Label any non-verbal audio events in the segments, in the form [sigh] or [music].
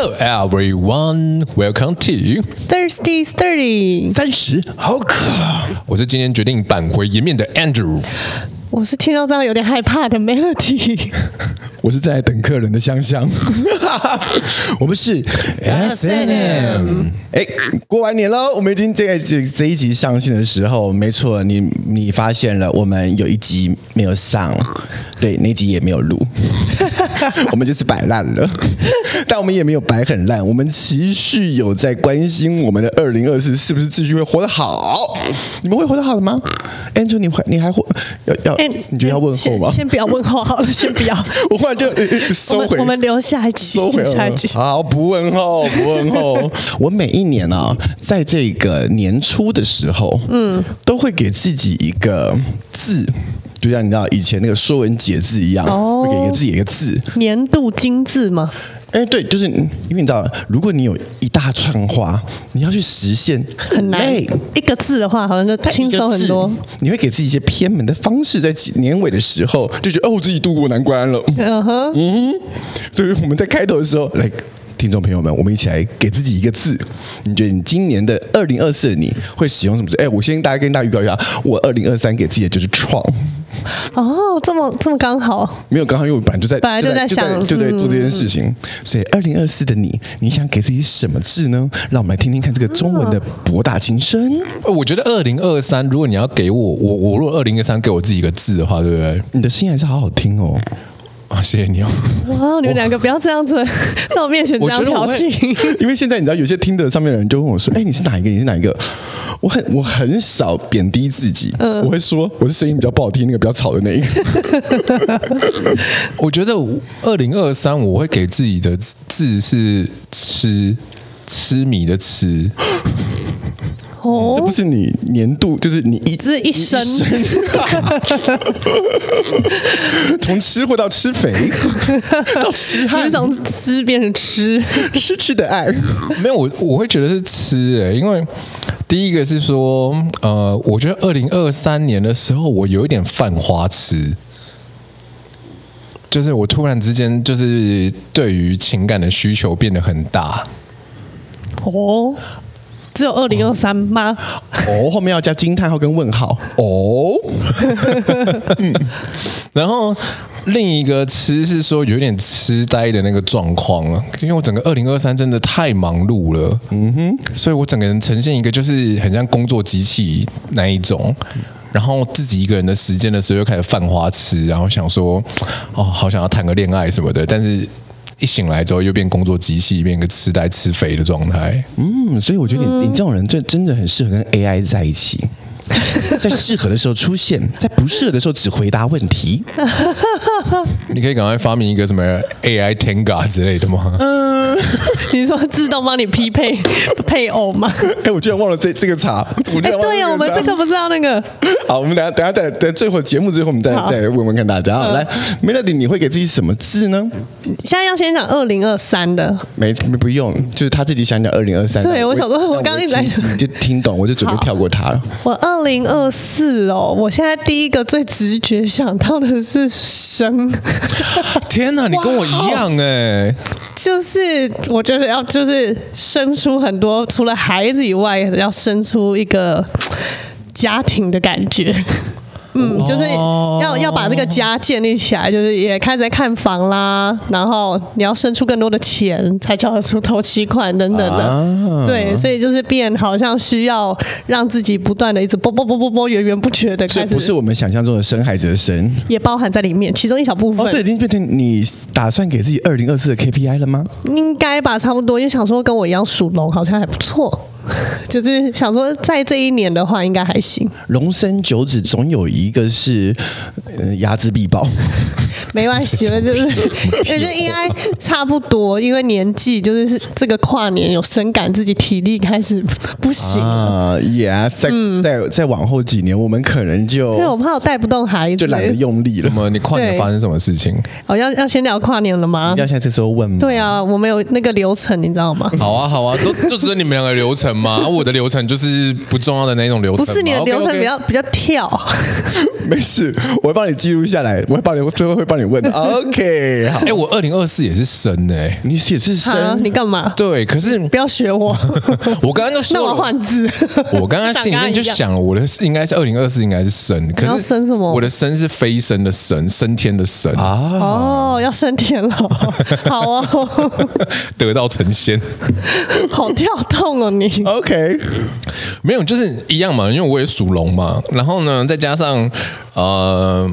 Hello everyone, welcome to Thirsty Thirty 三十，好渴。我是今天決定扳回顏面的 Andrew。我是聽到這樣有點害怕的 Melody。我是在等客人的香香。 [laughs] [laughs] 我們是 S and M。哎，過完年嘍，我們已經這一集這一集上線的時候，沒錯，你你發現了，我們有一集沒有上，對，那集也沒有錄。 [laughs] [laughs] [laughs] 我們就是擺爛了，但我們也沒有擺很爛，我們持續有在關心我們的二零二四是不是繼續會活得好？你們會活得好的嗎？Andrew，你會你還會要要？你覺得要問候嗎先？先不,候 [laughs] 先不要問候好了，先不要。我忽然就收回，我們,我們留下一期，下一期。好，不問候，不問候。 [laughs] 我每一年啊，在這個年初的時候，嗯，都會給自己一個字。就像你知道以前那個說文解字一樣，Oh, 會給一個字一個字。年度精緻嗎？哎、欸，對，就是因為你知道，如果你有一大串話，你要去實現很難、欸。一個字的話，好像就輕鬆很多。你會給自己一些偏門的方式，在年尾的時候就覺得哦，我自己度過難關了。Uh-huh. 嗯哼，嗯，所以我們在開頭的時候來。Like, 聽眾朋友們，我們一起來給自己一個字。你覺得你今年的二零二四的你會使用什麼字？誒，我先大家跟大家預告一下，我二零二三給自己的就是創。哦，這麼這麼剛好，沒有剛好，因為我本來就在本來就在，就在想就在就在，就在做這件事情。嗯、所以二零二四的你，你想給自己什麼字呢？讓我們來聽聽看這個中文的博大精深、嗯。我覺得二零二三，如果你要給我，我我如果二零二三給我自己一個字的話，對不對？你的聲音還是好好聽哦。啊，謝謝你哦！哇，你們兩個不要這樣子，在我，我面前這樣調情。因為現在你知道，有些 Tinder 上面的人就問我說：“哎、欸，你是哪一個？你是哪一個？”我很我很少貶低自己、嗯，我會說我的聲音比較不好聽，那個比較吵的那一個。 [laughs] 我覺得二零二三我會給自己的字是“癡”，癡迷的“癡”。Oh. 這不是你年度，就是你一，只是一生。從 [laughs] 吃貨到吃肥， [laughs] 吃到吃哈，從吃變成吃失去的愛。 [laughs] 沒有我，我會覺得是吃誒、欸，因為第一個是說，呃，我覺得二零二三年的時候，我有一點犯花痴，就是我突然之間就是對於情感的需求變得很大。哦、oh.。只有二零二三嗎？哦、嗯，oh, 後面要加驚嘆號跟問號哦、oh? [laughs] [laughs] 嗯。然後另一個詞是說有點痴呆的那個狀況了，因為我整個二零二三真的太忙碌了，嗯哼，所以我整個人呈現一個就是很像工作機器那一種，嗯、然後自己一個人的時間的時候又開始犯花痴，然後想說哦，好想要談個戀愛什麼的，但是。一醒來之後又變工作機器，變一個痴呆、痴肥的狀態。嗯，所以我覺得你你這種人，就真的很適合跟 AI 在一起。在適合的時候出現，在不適合的時候只回答問題。 [laughs] 你可以趕快發明一個什麼 AI Tenga 之類的嗎？嗯，你是說自動幫你匹配配偶 [laughs] 嗎？哎、欸，我居然忘了這這個茬。哎、欸，對呀，我們這個不知道那個？好，我們等下等下等等最後節目最後，我們再再問問看大家。啊、嗯。來，Melody，你會給自己什麼字呢？現在要先講二零二三的沒，沒不用，就是他自己想講二零二三。對，我，我想說我剛剛在，我剛剛一來你就聽懂，我就準備跳過它了。我二。嗯二零二四哦，我現在第一個最直覺想到的是生。 [laughs] 天哪，你跟我一樣哎，wow, 就是我覺得要就是生出很多，除了孩子以外，要生出一個家庭的感覺。嗯，就是要要把這個家建立起來，就是也開始在看房啦，然後你要生出更多的錢，才交得出頭期款等等的，啊，對，所以就是變好像需要讓自己不斷的一直播、播、播、播、播、源源不絕的，所以不是我們想象中的生孩子的神，也包含在裡面，其中一小部分。哦，這已經變成你打算給自己二零二四的 KPI 了嗎？應該吧，差不多，因為想說跟我一樣屬龍，好像還不錯。就是想說，在這一年的話，應該還行。龍生九子，總有一個是，呃，睚眥必報。沒關係，就是也就應該差不多，因為年紀就是是這個跨年有深感自己體力開始不行了啊。Yeah，嗯，再再往後幾年，我們可能就，因為我怕我帶不動孩子，就懶得用力了。怎麼，你跨年發生什麼事情？哦，要要先聊跨年了嗎？要現在這時候問嗎？對啊，我們有那個流程，你知道嗎？好啊，好啊，就就只有你們兩個流程。 [laughs] 嘛， [laughs] 我的流程就是不重要的那一種流程。不是你的流程比較 okay, okay. 比較跳。 [laughs] 沒事，我會幫你記錄下來，我會幫你我最後會幫你問。OK，好。哎、欸，我二零二四也是生。哎、欸，你也是生，你幹嘛？對，可是你不要學我。 [laughs] 我剛剛都說了。我 [laughs] 我剛剛心裡面就想，我的應該是二零二四應該是生。可是，生，是生，生，要生什麼？ [laughs] 我的生是飛升的升，升天的升啊。哦、oh，要升天了，好啊、哦， [laughs] [laughs] 得道成仙。 [laughs] 好跳動了、哦，你。OK，沒有，就是一樣嘛，因為我也屬龍嘛，然後呢，再加上呃，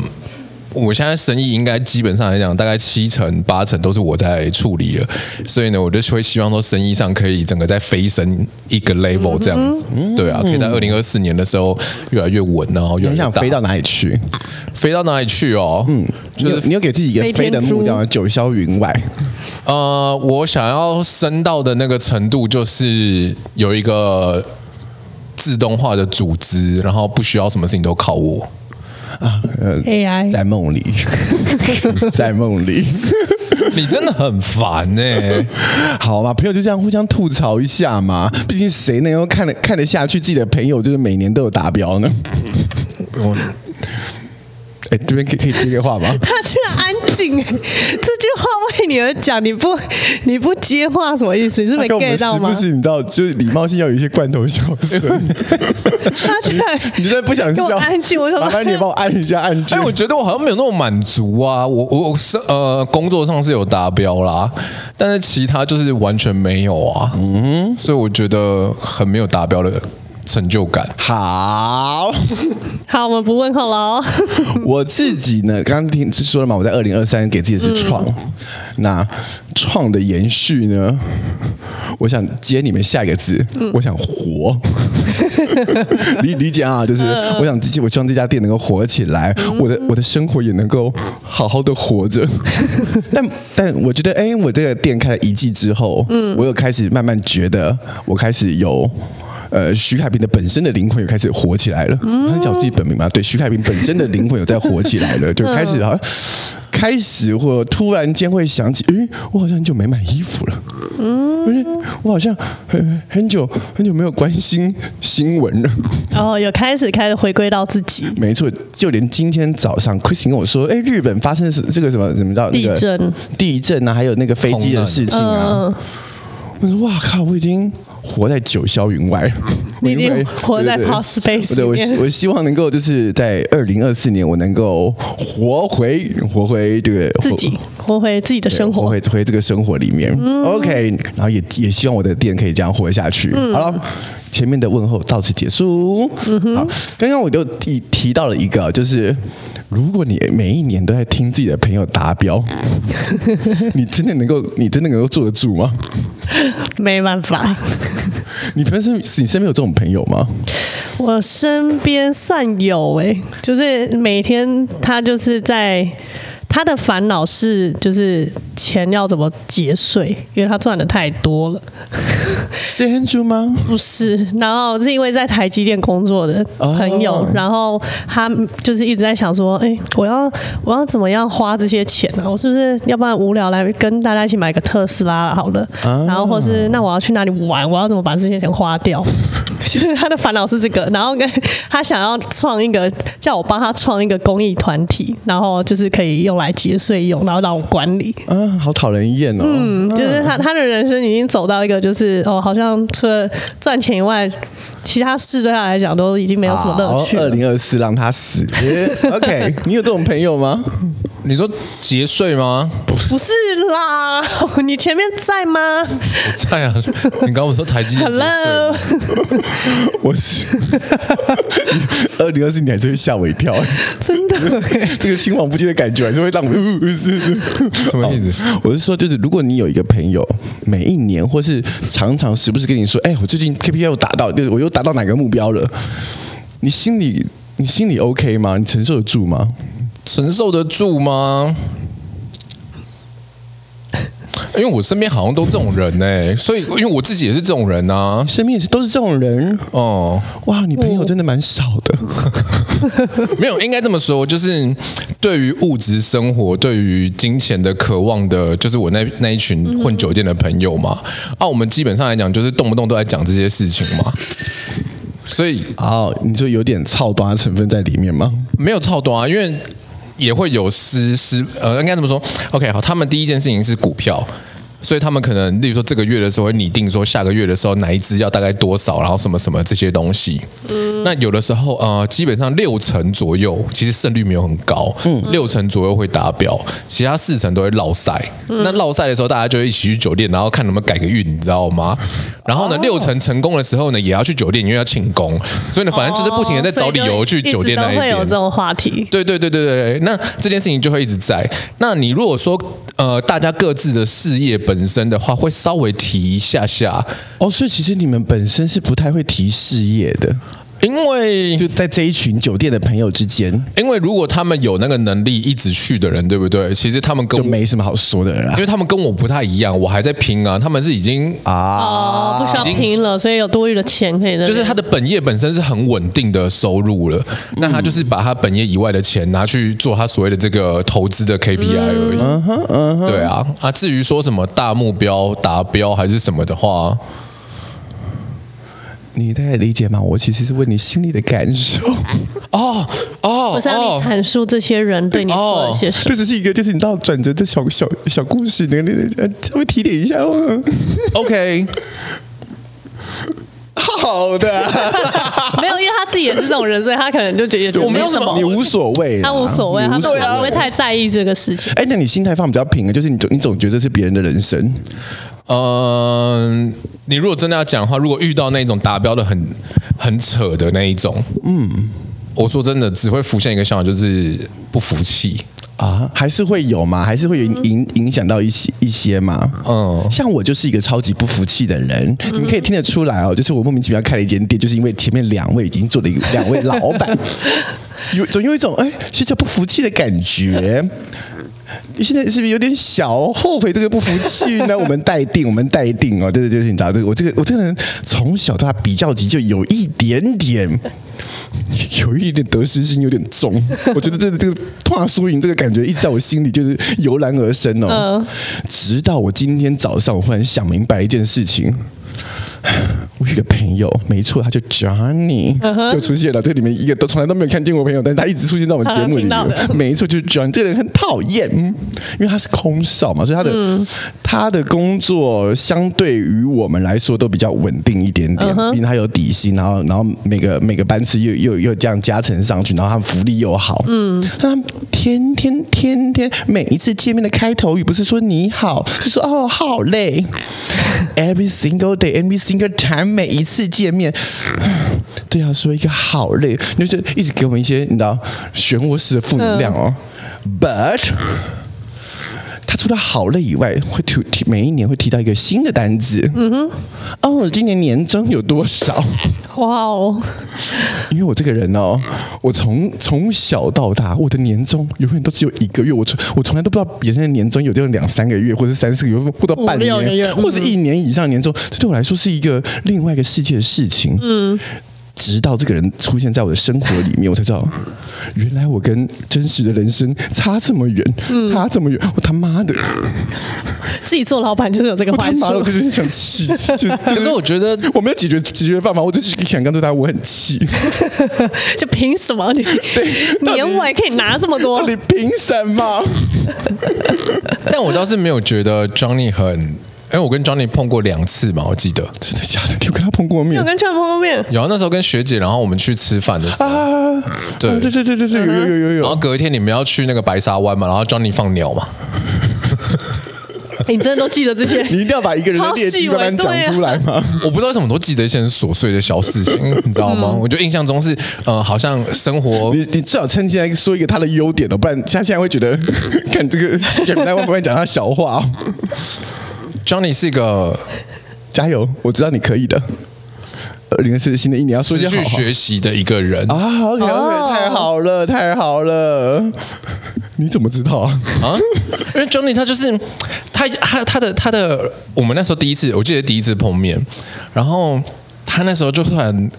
我現在生意應該基本上來講，大概七成八成都是我在處理了，所以呢，我就會希望說生意上可以整個再飛升一個 level 這樣子，對啊，可以在二零二四年的時候越來越穩，然後越來越大，飛到哪裡去？飛到哪裡去哦？嗯，就是你要給自己一個飛的目標，九霄雲外。呃，我想要升到的那個程度，就是有一個自動化的組織，然後不需要什麼事情都靠我。啊呃，在夢裡， [laughs] 在夢裡。你真的很煩呢、欸。好吧，朋友就這樣互相吐槽一下嘛。畢竟誰能夠看得看得下去自己的朋友就是每年都有達標呢？ [laughs] 哎、欸，這邊可以可以接個話嗎？他居然安靜，這句話為你而講，你不你不接話什麼意思？你是沒 get 到嗎？是不是你知道？就是禮貌性要有一些罐頭笑聲。他居然， [laughs] 你真的不想給我安靜？我講，麻煩你幫我按一下按鍵。哎、欸，我覺得我好像沒有那麼滿足啊。我我是呃，工作上是有達標啦，但是其他就是完全沒有啊。嗯哼，所以我覺得很沒有達標的。成就感，好 [laughs] 好，我們不問候了哦。 [laughs] 我自己呢，剛剛聽說了嘛，我在二零二三給自己是創，嗯、那創的延續呢，我想接你們下一個字，嗯、我想活。 [laughs] 理理解啊，就是、呃、我想自己，我希望這家店能夠活起來，嗯、我的我的生活也能夠好好的活着。 [laughs] 但但我覺得，哎，我這個店開了一季之後，嗯，我又開始慢慢覺得，我開始有。呃，徐凱平的本身的靈魂又開始活起來了。嗯、我很少自己本名嘛，對，徐凱平本身的靈魂有在活起來了， [laughs] 就開始好像、嗯、開始或突然間會想起，誒、欸，我好像很久沒買衣服了，嗯，而且我好像很很久很久沒有關心新聞了，然、哦、後有開始開始回歸到自己，沒錯，就連今天早上，Chris 跟我說，誒、欸，日本發生的是這個什麼什麼叫地震，那個、地震吶、啊，還有那個飛機的事情啊。我說哇靠！我已經活在九霄雲外了，因為，你也活在 Pos Space, 對對 space 對對，我希我希望能夠就是在二零二四年，我能夠活回活回這個自己，活回自己的生活，活回回這個生活裡面。嗯、OK，然後也也希望我的店可以這樣活下去。嗯、好了，前面的問候到此結束。嗯哼，剛剛我就提提到了一個，就是如果你每一年都在聽自己的朋友達標， [laughs] 你真的能夠，你真的能夠坐得住嗎？沒辦法，啊，你朋友你身邊有這種朋友嗎？我身邊算有誒，欸，就是每天他就是在。他的煩惱是，就是錢要怎麼節稅，因為他賺的太多了。 [laughs] 是很久嗎？不是，然後是因為在台積電工作的朋友，哦，然後他就是一直在想說，哎，欸，我要我要怎麼樣花這些錢呢？啊？我是不是要不然無聊來跟大家一起買個特斯拉好了？啊，然後或是那我要去哪裡玩？我要怎麼把這些錢花掉？ [laughs] 就是他的煩惱是這個，然後跟他想要創一個，叫我幫他創一個公益團體，然後就是可以用來。來結稅用，然後讓我管理。嗯，好討人厭哦。嗯，就是他，嗯、他的人生已經走到一個，就是哦，好像除了賺錢以外，其他事對他來講都已經沒有什麼樂趣了。二零二四讓他死。OK， [laughs] 你有這種朋友嗎？你說節稅嗎？不，不是啦，你前面在嗎？我在啊，你剛我說台積電？Hello，我是二零二四年， [laughs] 還是會嚇我一跳，欸？真的， [laughs] [laughs] 這個青黃不接的感覺，還是會讓我……是是什麼意思？我是說，就是如果你有一個朋友，每一年或是常常時不時跟你說：“哎，欸，我最近 KPI 又達到，就是我又達到哪個目標了？”你心裡你心裡 OK 嗎？你承受得住嗎？承受得住嗎？因為我身邊好像都是這種人哎、欸，所以因為我自己也是這種人啊，身邊也是都是這種人哦。哇，你朋友真的蠻少的， [laughs] 沒有，應該這麼說，就是對於物質生活、對於金錢的渴望的，就是我那那一群混酒店的朋友嘛，嗯嗯。啊，我們基本上來講，就是動不動都在講這些事情嘛。所以，啊、哦，你就有點操短的成分在裡面嗎？沒有操短啊，因為。也會有失失，呃，應該怎麼說？OK，好，他們第一件事情是股票。所以他們可能，例如說這個月的時候會擬定說下個月的時候哪一支要大概多少，然後什麼什麼這些東西。嗯。那有的時候呃，基本上六成左右，其實勝率沒有很高。嗯。六成左右會達標，其他四成都會落賽。嗯。那落賽的時候，大家就一起去酒店，然後看能不能改個運，你知道嗎？然後呢、哦，六成成功的時候呢，也要去酒店，因為要慶功。所以呢，反正就是不停的在找理由去酒店那一邊。一會有這種話題。對對對對對。那這件事情就會一直在。那你如果說呃，大家各自的事業本。本身的話會稍微提一下下哦，所以其實你們本身是不太會提事業的。因為就在這一群酒店的朋友之間，因為如果他們有那個能力一直去的人，對不對？其實他們跟我沒什麼好說的人，因為他們跟我不太一樣，我還在拼啊，他們是已經啊，不需要拼了，所以有多餘的錢可以。就是他的本業本身是很穩定的收入了，那他就是把他本業以外的錢拿去做他所謂的這個投資的 KPI 而已。對啊，啊，至於說什麼大目標達標還是什麼的話。你大概理解嗎？我其實是問你心裡的感受哦哦，oh, oh, oh. 我是讓你闡述這些人對你做了些什麼。這只是一個就是你到轉折的小小小故事，那個那個稍微提點一下，OK， [laughs] 好的、啊。 [laughs] 沒有，因為他自己也是這種人，所以他可能就覺得我沒有什麼，什麼你無所謂，他無所謂，他不會太在意這個事情。哎、啊欸，那你心態放比較平，就是你總你總覺得是別人的人生。嗯、uh,，你如果真的要講的話，如果遇到那種達標的很很扯的那一種，嗯，我說真的，只會浮現一個想法，就是不服氣啊，還是會有嘛？還是會有影影響到一些、嗯、一些嘛？嗯，像我就是一個超級不服氣的人，嗯，你們可以聽得出來哦。就是我莫名其妙開了一間店，就是因為前面兩位已經做了一兩位老闆，有 [laughs] 總有一種哎、欸，其實不服氣的感覺。你現在是不是有點小，哦，後悔這個不服氣呢？ [laughs] 我們待定，我們待定哦。對，對對對，你知道這個，我這個我這個人從小到大比較急，就有一點點，有一點點得失心有點重。 [laughs] 我覺得這個這個怕輸贏這個感覺一直在我心裡就是油然而生哦。 [laughs] 直到我今天早上，我忽然想明白一件事情。我一個朋友，沒錯，他就 Johnny 就、uh -huh. 出現了。這裡面一個都從來都沒有看見過朋友，但是他一直出現在我們節目裡面。沒錯，就是 Johnny 這個人很討厭，因為他是空少嘛，所以他的、uh -huh. 他的工作相對於我們來說都比較穩定一點點，因、uh、為 -huh. 他有底薪，然後然後每個每個班次又又又、又這樣加成上去，然後他福利又好。嗯、uh -huh.，他天天天天每一次見面的開頭語不是說你好，就說哦好累，Every single day NBC。一個談每一次見面，都要說一個好累，就是一直給我們一些你知道漩渦式的負能量哦。嗯、But 他除了好累以外，會提提每一年會提到一個新的單子。嗯哼，哦、oh,，我今年年終有多少？哇、wow、哦！因為我這個人哦，我從從小到大，我的年終永遠都只有一個月。我從我從來都不知道別人的年終有這樣兩三個月，或者三四個月，或到半年，個月或者一年以上的年終，嗯，這對我來說是一個另外一個世界的事情。嗯。直到這個人出現在我的生活裡面，我才知道，原來我跟真實的人生差這麼遠，嗯，差這麼遠！我他媽的，自己做老板就是有這個，他媽的我就，想就、 [laughs] 就是想氣。可是我覺得我沒有解決解決辦法，我只是想告訴他我很氣。 [laughs] 就憑什麼你對年尾可以拿這麼多？你憑什麼？ [laughs] [laughs] 但我倒是沒有覺得 Johnny 很。因、欸、為我跟 Johnny 碰過兩次嘛，我記得真的假的。你有跟他碰過面，有跟 Johnny 碰過面。有啊。那時候跟學姐，然後我們去吃飯的時候，啊、對、啊、對對對對，有，有有有有。然後隔一天你們要去那個白沙灣嘛，然後 Johnny 放鳥嘛。 [laughs] 你真的都記得這些？你一定要把一個人的劣跡慢慢講出來嗎？對啊、我不知道為什麼都記得一些很瑣碎的小事情，你知道嗎？ [laughs] 嗯、我就印象中是呃，好像生活你你最好趁現在說一個他的優點哦，不然他現在會覺得看這個，這個、來我不慢講他小話。 [laughs] Johnny 是一個加油，我知道你可以的。呃，2024新的一年要說一句好好持續學習的一個人啊，oh, okay, okay, oh. 太好了，太好了！ [laughs] 你怎麼知道啊？啊，因為 Johnny 他就是他他他的他的，我們那時候第一次，我記得第一次碰面，然後他那時候就突然。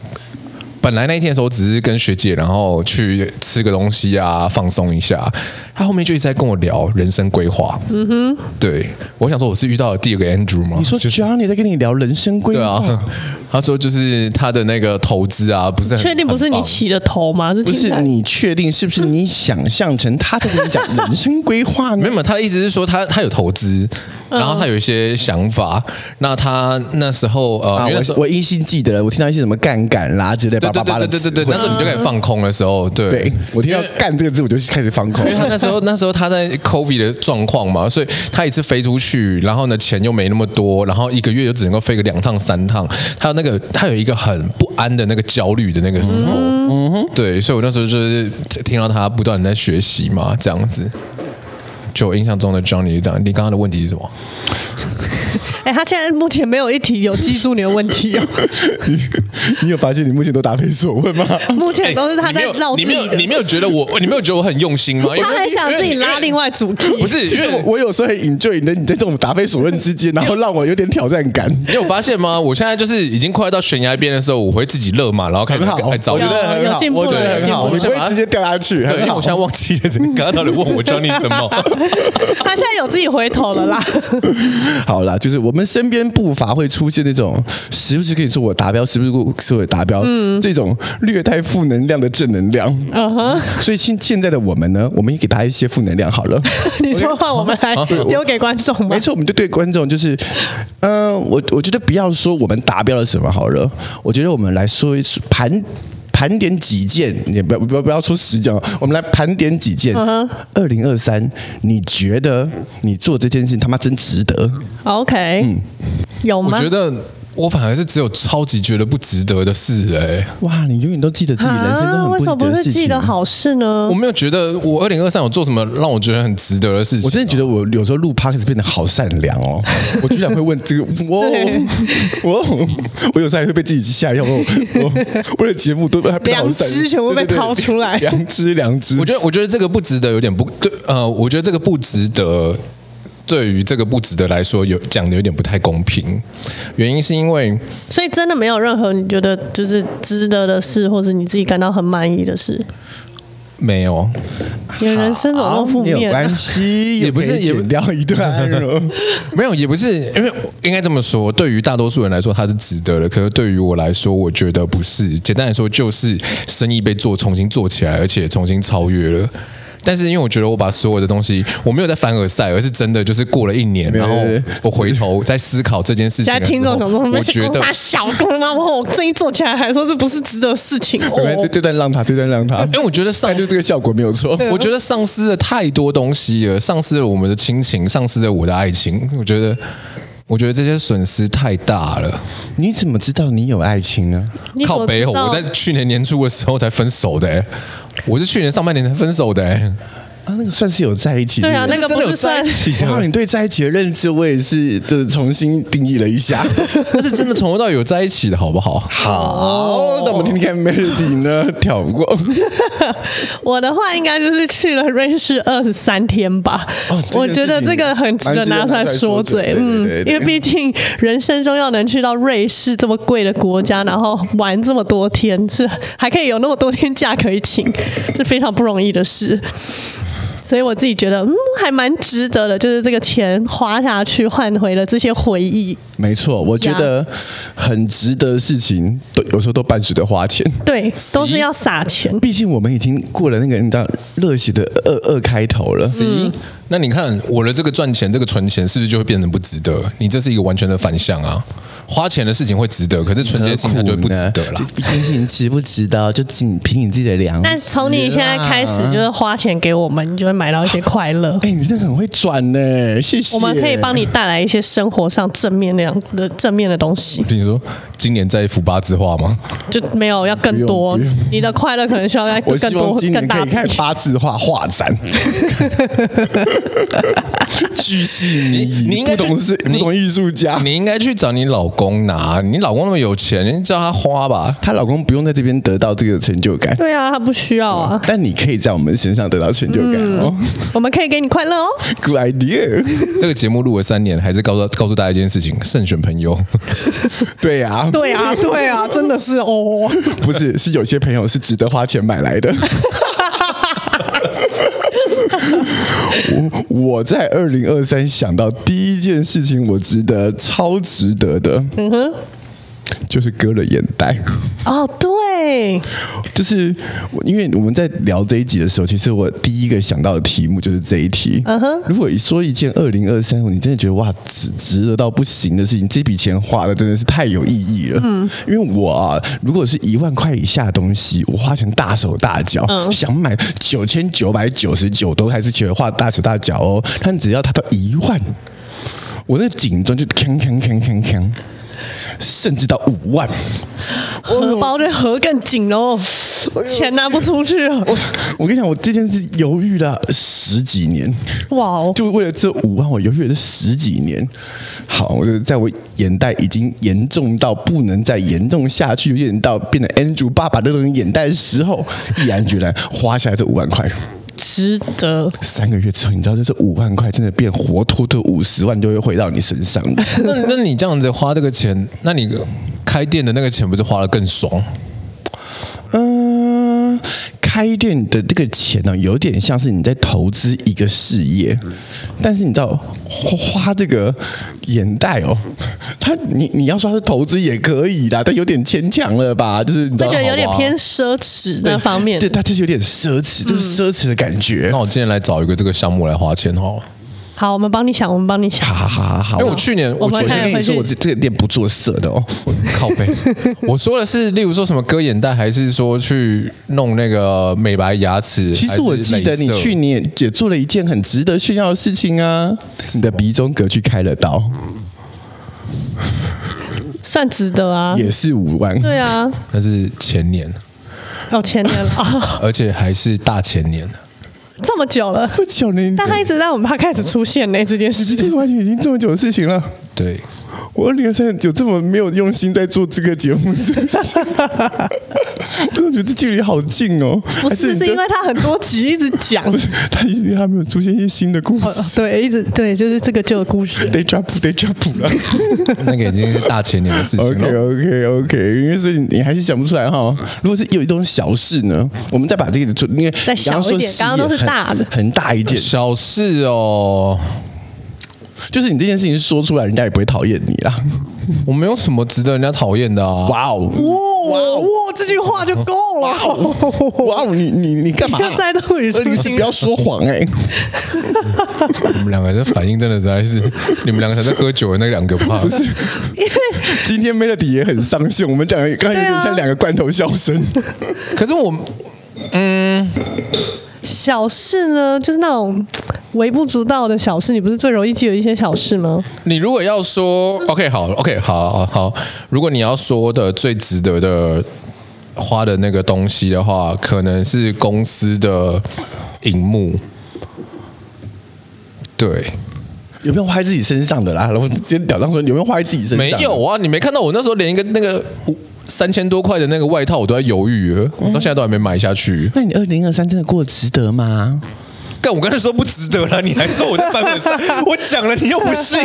本來那一天的時候，我只是跟學姐，然後去吃個東西啊，放鬆一下。他後面就一直在跟我聊人生規劃。嗯哼，對，我想說我是遇到了第二個 Andrew 嗎？你說 Johnny 在跟你聊人生規劃、就是？對啊，他說就是他的那個投資啊，不是很確定，不是你起的頭嗎？就是你確定是不是你想象成他在跟你講人生規劃呢？ [laughs] 呢沒有，沒有，他的意思是說他他有投資，然後他有一些想法。嗯、那他那時候呃，啊、候我我一心記得，我聽到一些什麼槓桿啦之類的。對對，對對對對對，那時候你就開始放空的時候，對。我聽到“幹”這個字，我就開始放空。因為他那時候，那時候他在 COVID 的狀況嘛，所以他一次飛出去，然後呢，錢又沒那麼多，然後一個月就只能夠飛個兩趟三趟。他有那個，他有一個很不安的那個焦慮的那個時候，嗯哼，對，所以我那時候就是聽到他不斷的在學習嘛，這樣子。就我印象中的 Johnny 是這樣，你剛剛的問題是什麼？哎、欸，他現在目前沒有一題有記住你的問題哦 [laughs] 你。你有發現你目前都答非所問嗎？目前都是他在繞、欸、你。你沒有，你沒有覺得我，你沒有覺得我很用心嗎？他很想自己拉另外主題。不是，因為、因為我有時候很 enjoy 你在這種答非所問之間，然後讓我有點挑戰感。你有發現嗎？我現在就是已經快到懸崖邊的時候，我會自己樂嘛，然後開始拍照。我覺得很好，有、有進步了，很好。我會直接掉下去。哎，很好，我現在忘記了你、嗯、剛剛到底問我 Johnny 什麼。 [laughs] [laughs] 他現在有自己回頭了啦。 [laughs] 好啦，就是我們身邊不乏會出現那種時不時可以說我達標，時不時說我達標、嗯，這種略帶負能量的正能量。嗯哼。所以現現在的我們呢，我們也給大家一些負能量好了。 [laughs] 你說話，我們來丟、okay? 給觀眾嗎？沒錯，我們就對觀眾，就是，嗯、呃，我我覺得不要說我們達標了什麼好了，我覺得我們來說一次盤。盤點幾件，也不要不要不要說十件，我們來盤點幾件。二零二三，你覺得你做這件事他媽真值得？OK，嗯，有嗎？我覺得。我反而是只有超級覺得不值得的事哎、欸，哇！你永遠都記得自己人生都很不值得、啊、為什麼不是記得好事呢？我沒有覺得我二零二三有做什麼讓我覺得很值得的事情、哦。我真的覺得我有時候錄 Podcast 變得好善良哦， [laughs] 我居然會問這個我我我有時候還會被自己嚇一跳。我為了節目都兩支全部被掏出來，良知，良知，我覺得我覺得這個不值得，有點不對呃，我覺得這個不值得。對於這個不值得來說，有講得，有點不太公平，原因是因為，所以真的沒有任何你覺得就是值得的事，或是你自己感到很滿意的事？沒有。你人生總是負面，沒關係， [laughs] 也不是也有聊一段， [laughs] 沒有，也不是，因為應該這麼說，對於大多數人來說，它是值得的。可是對於我來說，我覺得不是。簡單來說，就是生意被做重新做起來，而且重新超越了。但是，因為我覺得我把所有的東西，我沒有在凡爾賽，而是真的就是過了一年，然後我回頭在思考這件事情大家聽的麼候，我是覺得小哥嗎？我媽媽我生意做起來，還說這不是值得的事情。對、哦，這這讓他，這段讓他。因為我覺得上就這個效果沒有錯。啊、我覺得喪失了太多東西了，喪失了我們的親情，喪失了我的愛情。我覺得，我覺得這些損失太大了。你怎麼知道你有愛情呢？靠北喔，我在去年年初的時候才分手的、欸。我是去年上半年才分手的欸。啊，那個算是有在一起的，對啊，那個不是算、啊。然後你對在一起的認知，我也是就重新定義了一下。但 [laughs] 是真的從頭到尾有在一起的，好不好？好，那、哦、我們聽,聽看 Melody 呢？跳過。 [laughs] 我的話應該就是去了瑞士二十三天吧、哦。我覺得這個很值得拿出來說嘴,來說嘴對對對對。嗯，因為畢竟人生中要能去到瑞士這麼貴的國家，然後玩這麼多天，是還可以有那麼多天假可以請，是非常不容易的事。所以我自己覺得，嗯，還蠻值得的，就是這個錢花下去換回了這些回憶。沒錯，我覺得很值得的事情，都有時候都伴隨着花錢，對，都是要撒錢。畢竟我們已經過了那個你知道熱血的二二開頭了，嗯那你看我的這個賺錢、這個存錢，是不是就會變成不值得？你這是一個完全的反向啊！花錢的事情會值得，可是存錢的事情它就不值得了。一定是你值不值得，就僅憑你自己的良心，但是從你現在開始，就是花錢給我們，你就會買到一些快樂。哎、啊欸，你真的很會轉呢、欸，謝謝。我們可以幫你帶來一些生活上正面那樣的正面的東西。比如說，今年在福八字畫嗎？就沒有要更多，你的快樂可能需要在更多、更大。我希望今年可以看八字畫畫展。 [laughs] 居 [laughs] 心你你不懂事，不懂藝術家，你應該去找你老公拿。你老公那麼有錢，你叫他花吧。他老公不用在這邊得到這個成就感。對啊，他不需要啊,啊。但你可以在我們身上得到成就感哦。嗯、我們可以給你快樂哦。Good idea。這個節目錄了三年，還是告訴告訴大家一件事情：慎選朋友。 [laughs] 對呀、啊，對啊，對啊，真的是哦。 [laughs] 不是，是有些朋友是值得花錢買來的。 [laughs] [laughs] 我我在二零二三想到第一件事情，我值得超值得的，嗯哼，就是割了眼袋。哦，對。對就是，因為我們在聊這一集的時候，其實我第一個想到的題目就是這一題。Uh -huh、如果一說一件二零二三，2023, 你真的覺得哇，值值得到不行的事情，這筆錢花的真的是太有意義了。嗯，因為我啊，如果是一萬塊以下的東西，我花錢大手大腳，uh -huh、想買九千九百九十九都還是覺得花大手大腳哦。但只要它到一萬，我的警鐘就鏘鏘鏘鏘鏘，甚至到五萬。 [laughs] 荷包的荷更緊哦、哎，錢拿不出去。我我跟你講，我這件事猶豫了十幾年。哇哦，就為了這五萬，我猶豫了這十幾年。好，我就在我眼袋已經嚴重到不能再嚴重下去，嚴重到變得 Andrew 爸爸那種眼袋的時候，毅然決然花下來這五萬塊，值得。三個月之後，你知道，就是五萬塊真的變活脫脫五十萬，就會回到你身上。 [laughs] 那那你這樣子花這個錢，那你？開店的那個錢不是花的更爽？嗯、呃，開店的這個錢呢、哦，有點像是你在投資一個事業，但是你知道花，花這個眼袋哦，他你你要說他是投資也可以啦，但有點牽強了吧？就是你知道我覺得有點偏奢侈那方面，對，他就是有點奢侈，就是奢侈的感覺、嗯。那我今天來找一個這個項目來花錢哈。好，我們幫你想，我們幫你想。好，好，好，好，因為我去年，我先跟你說，我這這個店不做色的哦。我靠北， [laughs] 我說的是，例如說什麼割眼袋，還是說去弄那個美白牙齒？其實我記得你去年也做了一件很值得炫耀的事情啊，你的鼻中隔去開了刀，算值得啊，也是五萬。對啊，那是前年，有、哦、前年了，而且還是大前年這麼久了，不久呢，但他一直在我們怕開始出現呢這件事情，這個關係已經這麼久的事情了，對。我二零二三有這麼沒有用心在做這個節目是不是？ [laughs] [laughs] 我覺得這距離好近哦。不是，是，是因為它很多集一直講 [laughs] 它一直還沒有出現一些新的故事。哦。對，一直對，就是這個舊故事。得抓補，得抓補了。那個已經是大前年的事情 [laughs] OK，OK，OK，okay, okay, okay, 因為是你還是想不出來哈、哦。如果是有一種小事呢，我們再把這個做，因為再小一點，剛剛都是大的，很，很大一件小事哦。就是你這件事情說出來，人家也不會討厭你啦。我沒有什麼值得人家討厭的啊！哇、wow、哦，哇哇這句話就夠了。哇哦，你你你幹嘛、啊？要再到你這裡， [laughs] 不要說謊哎、欸。 [laughs] [laughs] 我們兩個人這反應真的實在是，你們兩個才在喝酒的那兩個怕不、就是？因為今天 Melody 也很傷心，我們講的剛才有點像兩個罐頭笑聲、啊。可是我，嗯，小事呢，就是那種。微不足道的小事，你不是最容易記有一些小事嗎？你如果要說，OK 好，OK 好，好，好，如果你要說的最值得的花的那個東西的話，可能是公司的熒幕。對，有沒有花在自己身上的啦？然後直接吊上說，有沒有花在自己身上的？沒有啊，你沒看到我那時候連一個那個三千多塊的那個外套我都在猶豫了，我到現在都還沒買下去。欸，那你二零二三真的過得值得嗎？但我剛才說不值得了，你還說我在反諷？我講了，你又不信。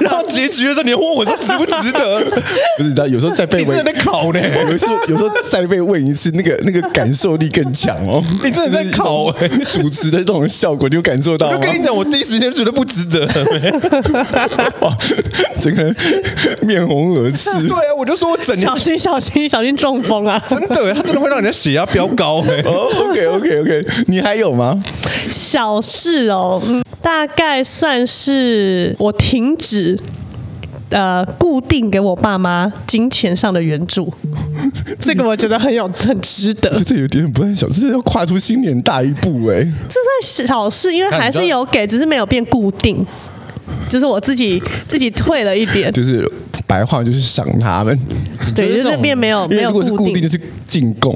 然後結局的時候，你問我說值不值得？ [laughs] 不是，他有時候在被你真的在考呢。有時候被你有時候有時候被問一次，那個那個感受力更強哦。你真的在考主 [laughs] 持的這種效果，你有感受到嗎？我跟你講，我第一時間覺得不值得， [laughs] 整個人面紅耳赤。 [laughs] 對啊，我就說我整條心小心小心中風啊！真的，他真的會讓你的血壓飆高。哦、 [laughs] oh,，OK OK OK，你還有嗎？小事哦，大概算是我停止，呃，固定給我爸媽金錢上的援助。這個我覺得很有，很值得。得這有點不太小，這是要跨出新年大一步哎。這算小事，因為還是有給，只是沒有變固定，就是我自己自己退了一點。就是。白話就是賞他們，對，就是變沒有沒有固定，是固定就是進攻，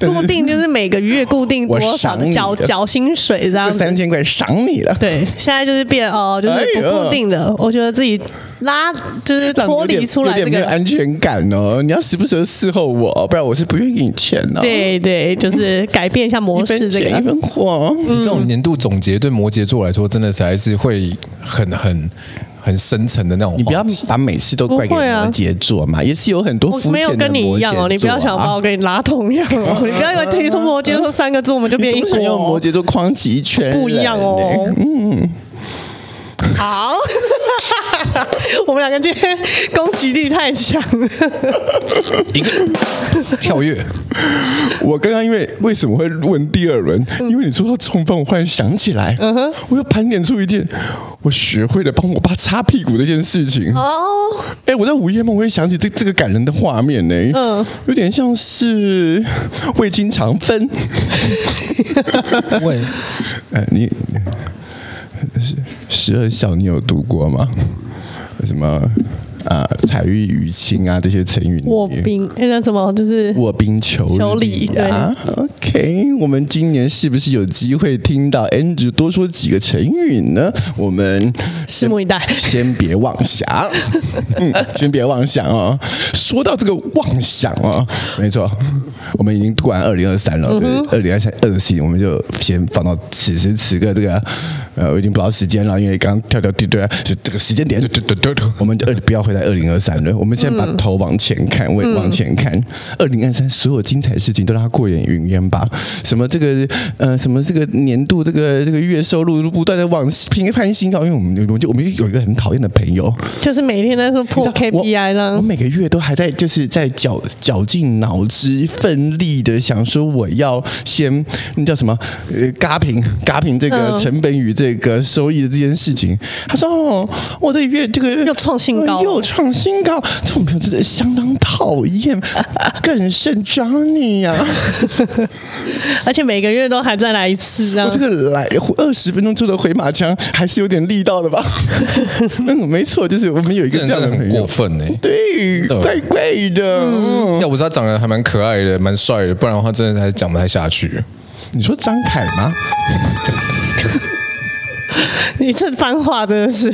固定就是每個月固定多少的繳繳薪水這樣子，然後三千塊賞你了。對，現在就是變哦、呃，就是不固定的、哎。我覺得自己拉就是脫離出來這個、有，有，沒有安全感哦，你要時不時的伺候我，不然我是不願意給你錢的、哦。對對，就是改變一下模式，這個、一分貨、嗯、這種年度總結對摩羯座來說，真的是還是會很很。很深沉的那種，你不要把每次都怪給摩羯座嘛、啊，也是有很多。我沒有跟你一樣哦，你不要想把我給你拉同樣哦，啊、你不要以為提出摩羯座三個字、啊、我們就變成、哦。有摩羯座框起一圈，不一樣哦，嗯。好， [laughs] 我們兩個今天攻擊力太強了。跳躍，我剛剛因為為什麼會問第二輪、嗯？因為你說到衝鋒，我忽然想起來，嗯、我又盤點出一件我學會了幫我爸擦屁股這件事情。哦，哎、欸，我在午夜夢，我會想起這這個感人的畫面呢、欸。嗯，有點像是未經常分。 [laughs] 喂，哎、欸，你。十十二孝，你有讀過嗎？為什麼？啊，彩衣娛親啊，這些成語。臥冰、欸、那個什麼就是臥冰求鯉呀、啊。OK，我們今年是不是有機會聽到 Andrew 多說幾個成語呢？我們拭目以待，先別妄想、 [laughs] 嗯，先別妄想哦。說到這個妄想哦，沒錯，我們已經過完二零二三了，對，二零二三二四年，我們就先放到此時此刻這個、啊、呃，我已經不知道時間了，因為剛，剛跳跳滴滴，就這個時間點，就我們就不要回。在二零二三了，我們先把頭往前看，往、嗯、往前看。二零二三所有精彩的事情都讓它過眼雲煙吧。什麼這個呃，什麼這個年度這個這個月收入不斷的往平攀新高，因為我們我就我們，就我們就有一個很討厭的朋友，就是每天在說破 KPI 了。我每個月都還在就是在絞絞盡腦汁，奮力的想說我要先那叫什麼呃，嘎平嘎平這個成本與這個收益的這件事情。嗯、他說哦，我這月這個月又創新高創新高，這種朋友真的相當討厭。更甚張你呀， [laughs] 而且每個月都還再來一次，我這個來二十分鐘做的回馬槍還是有點力道的吧？ [laughs] 嗯，沒錯，就是我們有一個這樣的朋友，很過分哎，對，太貴的、嗯。要不是他長得還蠻可愛的，蠻帥的，不然的話真的還講不太下去。你說張凱嗎？ [laughs] 你這番話真的是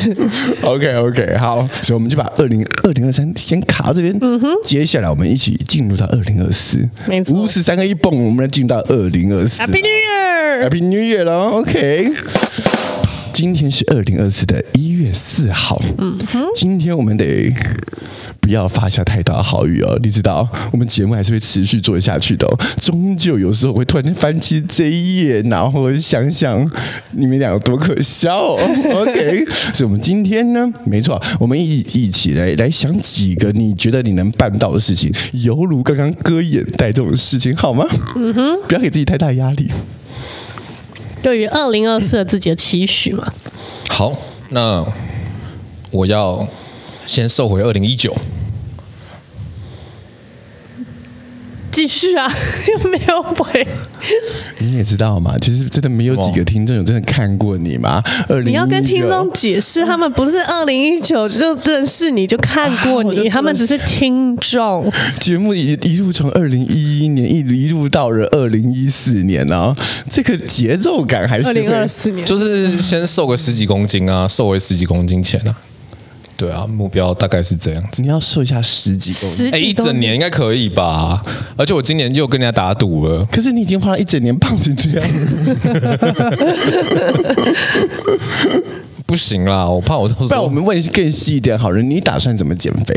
，OK OK，好，所以我們就把二零二零二三先卡到這邊，嗯哼，接下來我們一起進入到二零二四，沒錯，五十三個一蹦，我們來進到二零二四，Happy New Year，Happy New Year 嘍，OK。今天是二零二四的一月四號。嗯哼，今天我們得不要發下太大的豪語哦。你知道，我們節目還是會持續做下去的哦。終究有時候會突然間翻起這一頁，然後想想你們倆有多可笑哦。 [laughs] OK，所以我們今天呢，沒錯，我們一起一起來來想幾個你覺得你能辦到的事情，猶如剛剛割眼袋這種事情，好嗎？嗯哼，不要給自己太大壓力。對於二零二四的自己的期許嘛。好，那我要先收回二零一九。繼續啊，又沒有回。你也知道嘛，其實真的沒有幾個聽眾有真的看過你嘛。2016, 你要跟聽眾解釋，他們不是二零一九就認識你就看過你，哎，他們只是聽眾。節目一一路從二零一一年一一路到了二零一四年呢，啊，這個節奏感還是。二零二四年就是先瘦個十幾公斤啊，瘦回十幾公斤前啊。對啊，目標大概是這樣子。你要瘦一下十幾公斤，哎，一整年應該可以吧？而且我今年又跟人家打賭了。可是你已經花了一整年胖成這樣。 [laughs] [laughs] [laughs] 不行啦，我怕我。不然我們問更細一點，好人，你打算怎麼減肥？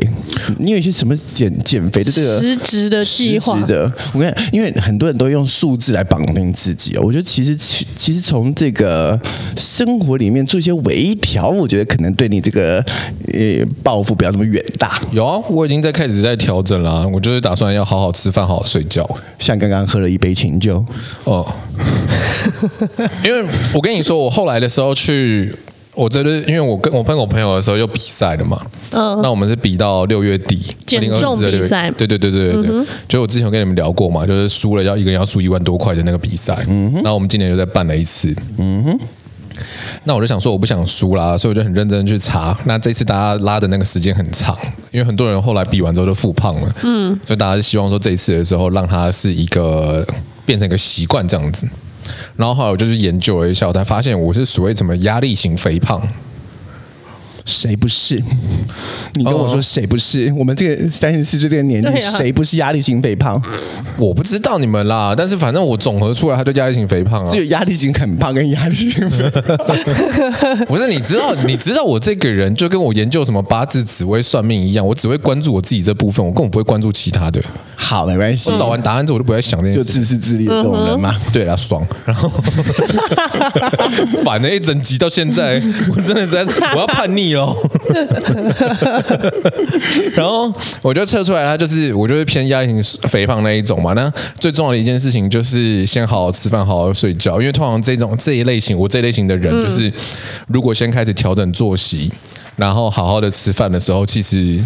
你有一些什麼減減肥的、這個、實質的計劃的？我跟你講，因為很多人都用數字來綁定自己哦。我覺得其實其實從這個生活裡面做一些微調，我覺得可能對你這個呃抱負不要這麼遠大。有啊，我已經在開始在調整了。我就是打算要好好吃飯，好好睡覺。像剛剛喝了一杯清酒哦， [laughs] 因為我跟你說，我後來的時候去。我真的，因為我跟我跟我朋友的時候又比賽了嘛，哦、那我們是比到六月底，二四的六月底，減重比賽，對對對對對對，嗯、就我之前有跟你們聊過嘛，就是輸了要一個人要輸一萬多塊的那個比賽，嗯哼，那我們今年又再辦了一次，嗯哼，那我就想說我不想輸啦，所以我就很認真去查，那這次大家拉的那個時間很長，因為很多人後來比完之後就復胖了，嗯，所以大家希望說這一次的時候讓它是一個變成一個習慣這樣子。然後後來我就去研究了一下，我才發現我是所謂什麼壓力型肥胖。誰不是？你跟我說誰不是？哦、我們這個三十四歲這個年紀、啊，誰不是壓力型肥胖？我不知道你們啦，但是反正我綜合出來，他就壓力型肥胖啊。只有壓力型很胖跟壓力型肥胖。 [laughs] 不是你知道？你知道我這個人就跟我研究什麼八字、紫微、算命一樣，我只會關注我自己這部分，我根本不會關注其他的。好，沒關係。找完答案之後，我就不再想那些，就自私自利的這種人嘛。嗯、對他、啊、爽，然後 [laughs] [laughs] 反了一整集到現在， [laughs] 我真的是在我要叛逆哦。 [laughs] 然後我就測出來，他就是我就是偏壓力型肥胖那一種嘛。那最重要的一件事情就是先好好吃飯，好好睡覺。因為通常這種這一類型，我這一類型的人就是、嗯，如果先開始調整作息，然後好好的吃飯的時候，其實。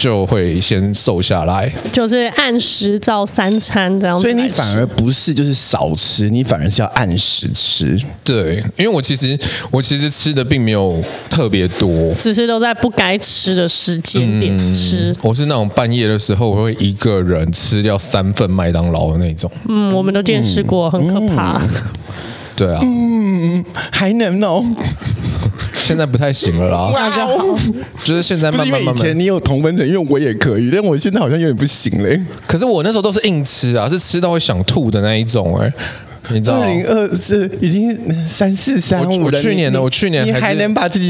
就會先瘦下來，就是按時照三餐這樣子，所以你反而不是就是少吃，你反而是要按時吃。對，因為我其實我其實吃的並沒有特別多，只是都在不該吃的時間點吃。嗯，我是那種半夜的時候我會一個人吃掉三份麥當勞的那種。嗯，我們都見識過，嗯，很可怕，嗯。對啊，嗯，還能不，哦、哦現在不太行了啦，就是現在慢慢慢。以前你有同門診，因為我也可以，但我現在好像有點不行嘞。可是我那時候都是硬吃啊，是吃到會想吐的那一種哎、欸。二零二四已經三四三我去年的，我去年你還是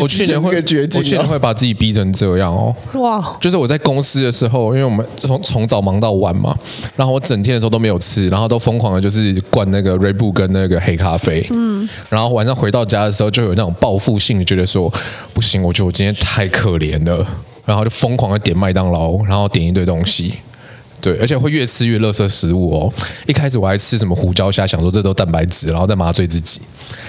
我去年會，我去年會把自己逼成這樣哦。哇！就是我在公司的時候，因為我們從從早忙到晚嘛，然後我整天的時候都沒有吃，然後都瘋狂的，就是灌那個 Red Bull 跟那個黑咖啡。嗯。然後晚上回到家的時候，就有那種報復性的，覺得說不行，我覺得我今天太可憐了，然後就瘋狂的點麥當勞，然後點一堆東西。對，而且會越吃越垃圾食物哦。一開始我還吃什麼胡椒蝦，想說這都蛋白質，然後再麻醉自己。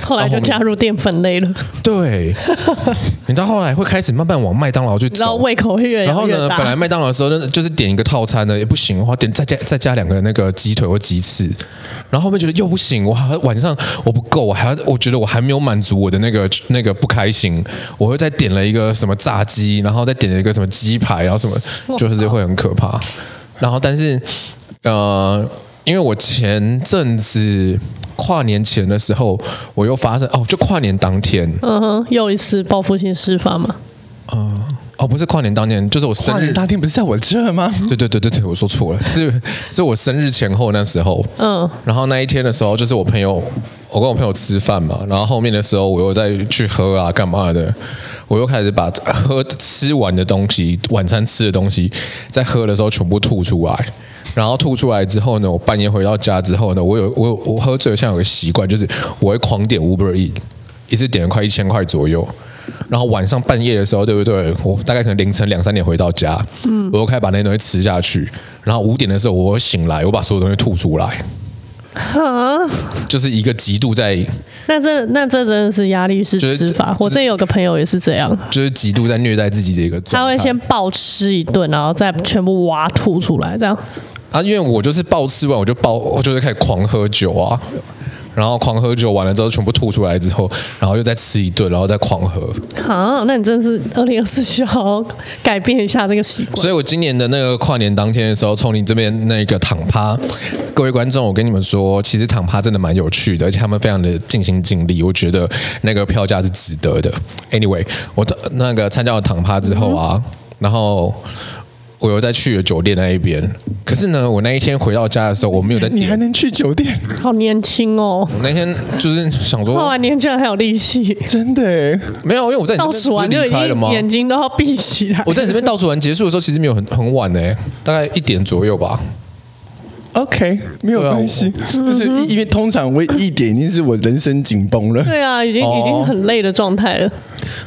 後，後，後來就加入澱粉類了。對， [laughs] 你到後來會開始慢慢往麥當勞去走，然後胃口會越來越大。然後呢，本來麥當勞的時候，就是點一個套餐呢也不行的話，話點再加再加兩個那個雞腿或雞翅。然後後面覺得又不行，我還晚上我不夠，我還要，我覺得我還沒有滿足我的那個那個不開心，我會再點了一個什麼炸雞，然後再點了一個什麼雞排，然後什麼，就是會很可怕。然後，但是，呃，因為我前陣子跨年前的時候，我又發生哦，就跨年當天，嗯哼，又一次報復性釋放嘛，嗯，哦，不是跨年當天，就是我生日，跨年當天不是在我這兒嗎？對對對對對，我說錯了，是是我生日前後那時候，嗯，然後那一天的時候，就是我朋友，我跟我朋友吃飯嘛，然後後面的時候，我又再去喝啊，幹嘛的。我又開始把喝吃完的東西，晚餐吃的東西，在喝的時候全部吐出來。然後吐出來之後呢，我半夜回到家之後呢，我有我有我喝醉了，像有個習慣，就是我會狂點 Uber Eats，一次點了快一千塊左右。然後晚上半夜的時候，對不對？我大概可能凌晨兩三點回到家，嗯，我又開始把那些東西吃下去。然後五點的時候，我醒來，我把所有東西吐出來。啊，就是一個極度在，那這那這真的是壓力式吃法。就是就是、我這有個朋友也是這樣，就是極度在虐待自己的一個。他會先暴吃一頓，然後再全部挖吐出來這樣。啊，因為我就是暴吃完，我就暴，我就會開始狂喝酒啊。然後狂喝酒完了之後全部吐出來之後，然後又再吃一頓，然後再狂喝。好，那你真的是二零二四需要改變一下這個習慣。所以我今年的那個跨年當天的時候，從你這邊那個躺趴，各位觀眾，我跟你們說，其實躺趴真的蠻有趣的，而且他們非常的盡心盡力，我覺得那個票價是值得的。Anyway，我那個參加了躺趴之後啊，嗯、然後。我有在去酒店那一邊，可是呢，我那一天回到家的時候，我沒有在。你還能去酒店？好年輕哦！我那天就是想說，跨完年居然還有力氣，真的。沒有，因為我在倒數完，你有眼睛都要閉起來。我在你這邊倒數完結束的時候其實沒有很很晚呢，大概一點左右吧。OK，沒有關係，啊、就是因為通常我 [coughs] 一點已經是我人生緊繃了，對啊，已經、哦、已經很累的狀態了。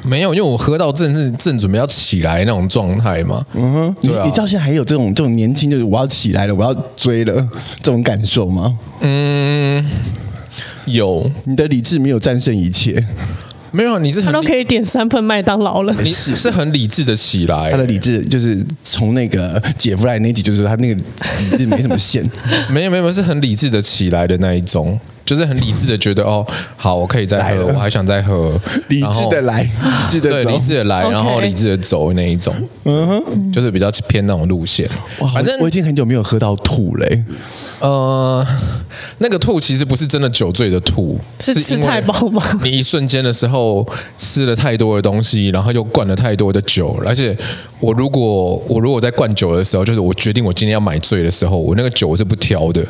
沒有，因為我喝到正正正準備要起來的那種狀態嘛。嗯哼、啊，你你知道現在還有這種這種年輕就是我要起來了，我要追了這種感受嗎？嗯，有，你的理智沒有戰勝一切。沒有、啊，你是他都可以點三份麥當勞了。你是很理智的起來，欸，他的理智就是從那個姐夫來那集，就是他那個理智沒什麼線 [laughs] 沒有沒有，是很理智的起來的那一種，就是很理智的覺得哦，好，我可以再喝，我還想再喝，理智的來，記對理智的來，然後理智的走那一種，嗯哼，就是比較偏那種路線。反正我已經很久沒有喝到吐嘞，欸。呃、uh，那個吐其實不是真的酒醉的吐，是吃太飽嗎？你一瞬間的時候吃了太多的東西，然後又灌了太多的酒，而且我如果我如果在灌酒的時候，就是我決定我今天要買醉的時候，我那個酒我是不挑的。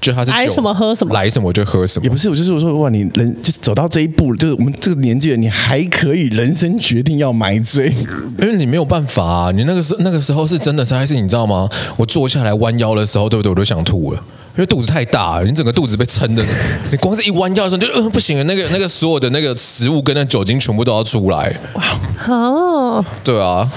就他是酒來什麼喝什麼，來什麼就喝什麼。也不是我就是我說哇，你人就走到這一步，就是我們這個年紀了，你還可以人生決定要買醉，因為你沒有辦法啊。你那個時那個時候是真的，是還是你知道嗎？我坐下來彎腰的時候，對不對？我都想吐了，因為肚子太大了，你整個肚子被撐的，你光是一彎腰的時候就嗯、呃、不行了，那個那個所有的那個食物跟那酒精全部都要出來。好對啊。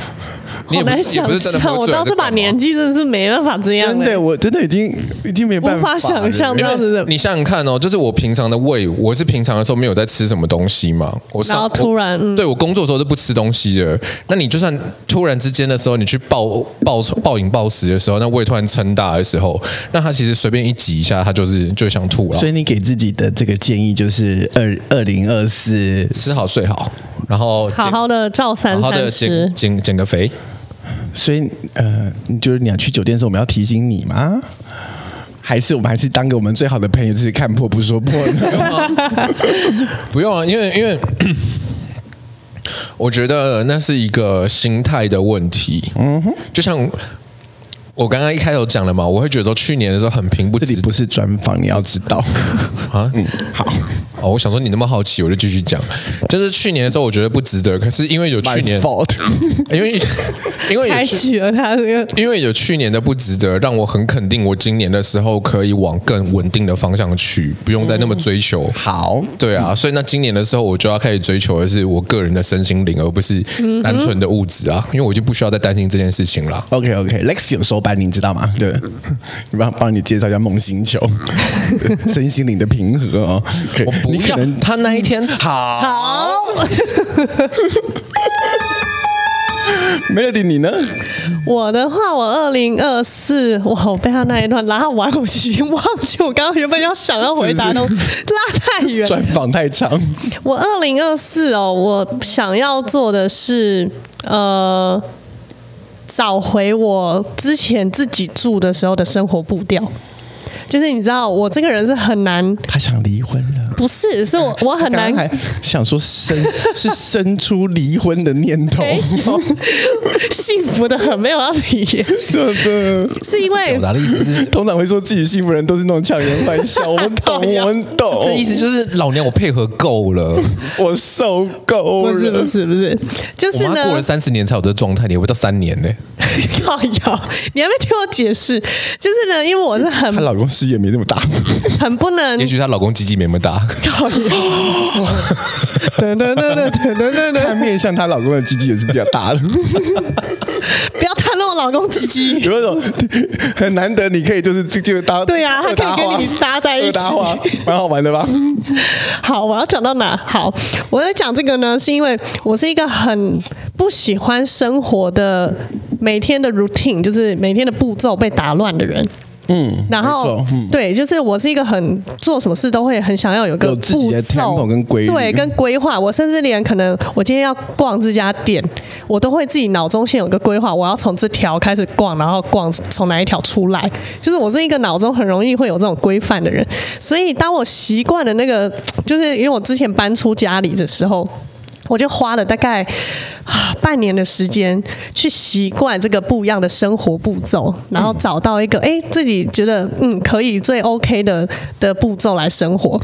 你蠻、oh, 想象我到這把年紀真的是沒辦法這樣、欸。真的，我真的已經已經沒辦法了，無法想像這樣子的。你想想看哦，就是我平常的胃，我是平常的時候沒有在吃什麼東西嘛，我然後突然我對我工作的時候都不吃東西的、嗯。那你就算突然之間的時候，你去暴暴暴飲暴食的時候，那胃突然撐大的時候，那他其實隨便一擠一下，他就是就想吐了。所以你給自己的這個建議就是二二零二四吃好睡好，然後好好的照三餐吃，好好的減減減個肥。所以，呃，你就是你要去酒店的時候，我們要提醒你嗎？還是我們還是當個我們最好的朋友，就是看破不說破？ [laughs] [laughs] 不用啊，因為因為 [coughs] 我覺得那是一個心態的問題。嗯哼，就像。我剛剛一開頭講了嘛，我會覺得說去年的時候很平，不值得。自己不是專訪，你要知道啊。嗯，好哦。我想說你那麼好奇，我就繼續講。就是去年的時候，我覺得不值得，可是因為有去年，因為因為開啟他這個，因為有去年的不值得，讓我很肯定，我今年的時候可以往更穩定的方向去，不用再那麼追求。嗯、好，對啊。所以那今年的時候，我就要開始追求的是我個人的身心靈，而不是單純的物質啊，嗯、因為我就不需要再擔心這件事情了。OK、OK，Let 有時候班，你知道嗎？對，你幫幫你介紹一下夢星球， [laughs] 身心靈的平和啊、哦。可以，你可能、嗯、他那一天好。好，Melody 你呢？我的話，我二零二四，我被他那一段拉完，我已經忘記我剛剛原本要想要回答的拉太遠， [laughs] 專訪太長。我二零二四哦，我想要做的是呃。找回我之前自己住的時候的生活步調，就是你知道，我這個人是很難。他想離婚。不是，是我我很難。剛剛想說生 [laughs] 是生出離婚的念頭， [laughs] 哎、幸福的很，沒有要離。對 [laughs] 對，是因為是表達的意思是，通常會說自己幸福的人都是那種強顏歡笑。 [laughs] 我懂， [laughs] 我懂。這意思就是，老娘我配合夠了， [laughs] 我受夠了。不是不是不是，就是呢，我過了三十年才有這狀態，你 [laughs] 不到三年呢、欸？要要，你要不要聽我解釋？就是呢，因為我是很，她老公事業沒那麼大， [laughs] 很不能。也許她老公雞雞沒那麼大。好厭，等等等等等等等，她、嗯嗯嗯嗯嗯嗯嗯、面向她老公的雞雞也是比較大的 [laughs] 。不要太我老公雞雞。有種很難得，你可以就是就搭對啊，他可以跟你搭在一起，蠻好玩的吧？ [laughs] 好，我要講到哪？好，我要講這個呢，是因為我是一個很不喜歡生活的，每天的 routine 就是每天的步驟被打亂的人。嗯，然後、嗯、對，就是我是一個很做什麼事都會很想要有個步驟，有自己的跟規，對，跟規劃。我甚至連可能我今天要逛這家店，我都會自己腦中先有個規劃，我要從這條開始逛，然後逛從哪一條出來。就是我是一個腦中很容易會有這種規範的人，所以當我習慣了那個，就是因為我之前搬出家裡的時候。我就花了大概、啊、半年的時間去習慣這個不一樣的生活步驟，然後找到一個哎、欸、自己覺得嗯可以最 OK 的的步驟來生活。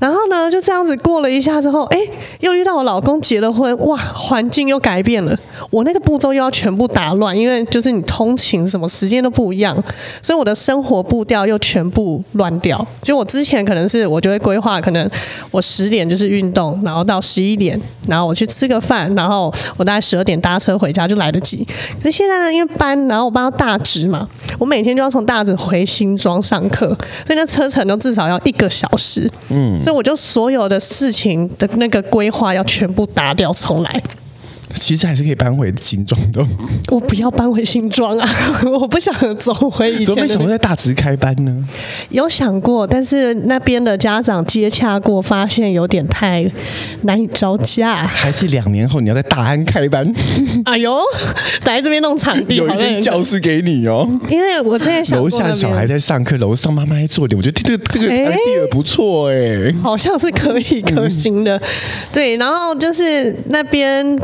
然後呢，就這樣子過了一下之後，哎、欸、又遇到我老公結了婚，哇，環境又改變了，我那個步驟又要全部打亂，因為就是你通勤什麼時間都不一樣，所以我的生活步調又全部亂掉。就我之前可能是我就會規劃，可能我十點就是運動，然後到十一點，然後。我去吃個飯，然後我大概十二點搭車回家就來得及。可是現在呢，因為搬，然後我搬到大直嘛，我每天就要從大直回新莊上課，所以那車程都至少要一個小時。嗯，所以我就所有的事情的那個規劃要全部打掉，重來。其實還是可以搬回新莊的。 [laughs] 我不要搬回新莊啊！ [laughs] 我不想走回以前。為什麼想在大直開班呢？有想過，但是那邊的家長接洽過，發現有點太難以招架。還是兩年後你要在大安開班？ [laughs] 哎呦，來這邊弄場地， [laughs] 有一間教室給你哦。 [laughs] 因為我這邊樓下小孩在上課，樓上媽媽在做點，我覺得這個這個 idea 不錯哎、欸，好像是可以可行的。嗯、對，然後就是那邊。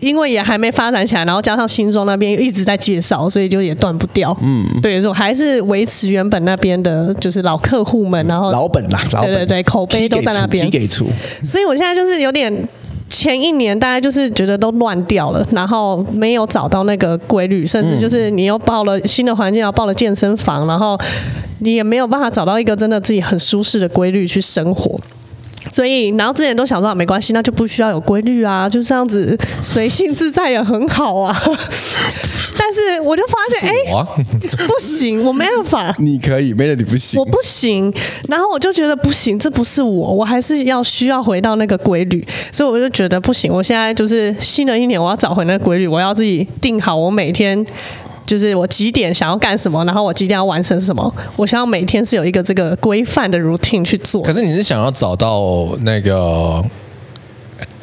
因為也還沒發展起來，然後加上新莊那邊一直在介紹，所以就也斷不掉。嗯，對，所以還是維持原本那邊的，就是老客戶們，嗯、然後老本啦、啊，老本對對對，口碑都在那邊。所以我現在就是有點，前一年大家就是覺得都亂掉了，然後沒有找到那個規律，甚至就是你又報了新的環境，要報了健身房，然後你也沒有辦法找到一個真的自己很舒適的規律去生活。所以，然後之前都想說、啊、沒關係，那就不需要有規律啊，就這樣子隨性自在也很好啊。 [laughs] 但是，我就發現，哎、啊欸，不行，我沒辦法。你可以，沒了你不行，我不行。然後我就覺得不行，這不是我，我還是要需要回到那個規律。所以，我就覺得不行。我現在就是新的一年，我要找回那個規律，我要自己定好，我每天。就是我幾點想要幹什麼，然後我幾點要完成什麼。我想要每天是有一個這個規範的 routine 去做。可是你是想要找到那個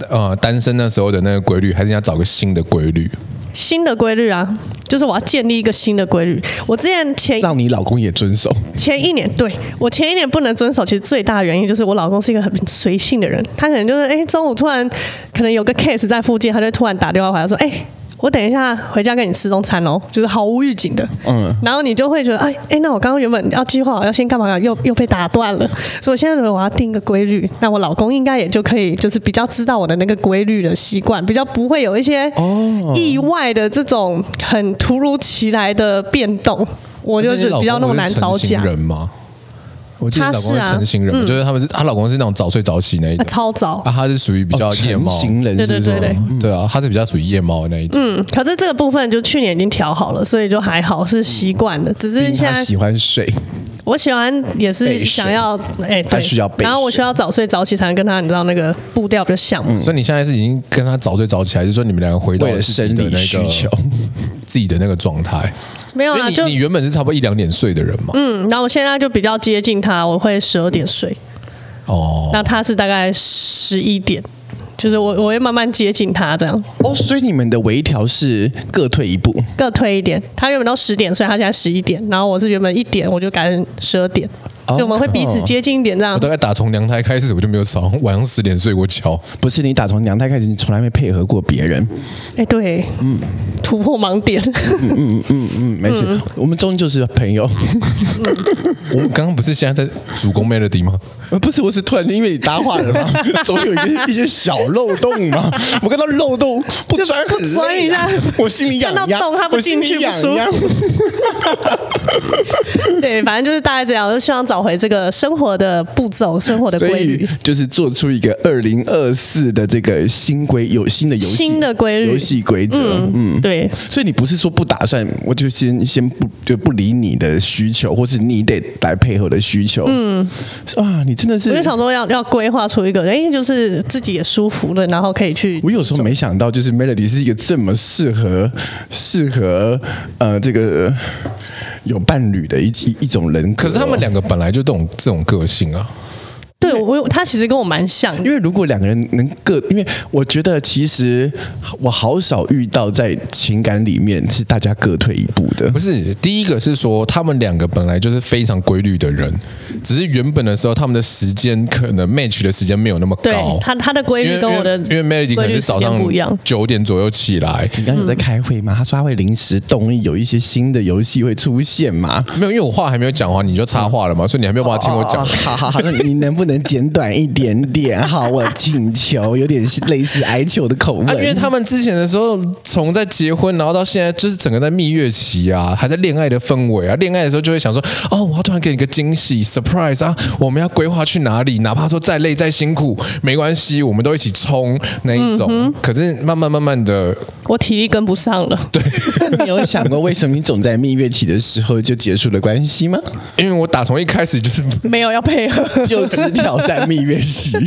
呃單身的時候的那個規律，還是要找個新的規律？新的規律啊，就是我要建立一個新的規律。我之前前讓你老公也遵守。前一年，對，我前一年不能遵守，其實最大的原因就是我老公是一個很隨性的人，他可能就是哎，中午突然，可能有個 case 在附近，他就突然打電話回來說哎。誒我等一下回家跟你吃中餐嘍，哦，就是毫無預警的，嗯，然後你就會覺得，哎哎，那我剛剛原本要計劃好要先幹嘛，又又被打斷了，所以現在我要定個規律，那我老公應該也就可以，就是比較知道我的那個規律的習慣，比較不會有一些意外的這種很突如其來的變動，哦，我就，就比較那麼難招架。我記得老公是晨型人，我覺得他們是她，嗯、老公是那種早睡早起那一種，啊，超早啊，他是屬於比較夜貓的。晨、哦、型人是，是對，對，對，對、嗯、對啊，他是比較屬於夜貓的那一種。嗯，可是這個部分就去年已經調好了，所以就還好，是習慣了。只是現在喜歡睡，我喜歡也是想要哎，欸，對他需要背，然後我需要早睡早起才能跟他，你知道那個步調比較像，嗯嗯、所以你現在是已經跟他早睡早起，還，就是說你們兩個回到生理需求，自己的那個、 [laughs] 自己的那個狀態？沒有啊，因為你，你原本是差不多一兩點睡的人嘛。嗯，那我現在就比較接近他，我會十二點睡。哦，那他是大概十一點，就是我，我會慢慢接近他這樣。哦，所以你們的微調是各退一步，各退一點。他原本都十點睡，所以他現在十一點，然後我是原本一點，我就改成十二點。所、oh, 我們會彼此接近一點，這樣。我大概打從娘胎開始我就沒有早晚上十點睡過覺，不是，你打從娘胎開始你從來沒配合過別人，哎，對，嗯，突破盲點，嗯嗯嗯嗯，沒事，嗯、我們終究是朋友。 [laughs] 我們剛剛不是現在在主攻 Melody 嗎？不是，我是突然間因為你搭話了嗎？總有一些一些小漏洞嘛。我看到漏洞不鑽，不鑽、啊、一下，我心裡癢癢，看到他不進去，我心裡癢癢。癢癢 [laughs] 對，反正就是大概這樣，我就希望找回這個生活的步驟，生活的規律，就是做出一個二零二四的這個新規，有新的遊戲的規律、遊戲規則。嗯，對。所以你不是說不打算，我就先先不就不理你的需求，或是你得來配合的需求。嗯，啊，你。真的是，我就想說要要規劃出一個，哎，就是自己也舒服了，然後可以去。我有時候沒想到，就是 Melody 是一個這麼適合適合呃這個有伴侶的一一一種人哦。可是他們兩個本來就這種這種個性啊。對，我他其實跟我蠻像的，因為如果兩個人能各，因為我覺得其實我好少遇到在情感裡面是大家各退一步的。不是第一個是說他們兩個本來就是非常規律的人，只是原本的時候他們的時間可能 match 的時間沒有那麼高。對他他的規律跟我的因為 Melody 可能是早上九點左右起來，嗯、你剛才在開會嗎？他說他會臨時動議有一些新的遊戲會出現嘛、嗯？沒有，因為我話還沒有講完你就插話了嘛，所以你還沒有辦法聽我講。好好好，你能不能？簡短一點點，好，我請求有點類似哀求的口吻。啊，因為他們之前的時候，從在結婚，然後到現在就是整個在蜜月期啊，還在戀愛的氛圍啊，戀愛的時候就會想說，哦，我要突然給你個驚喜，surprise 啊，我們要規劃去哪裡，哪怕說再累再辛苦，沒關係，我們都一起衝那一種、嗯。可是慢慢慢慢的，我體力跟不上了。對， [laughs] 你有想過為什麼你總在蜜月期的時候就結束了關係嗎？因為我打從一開始就是沒有要配合就是。挑戰蜜月期，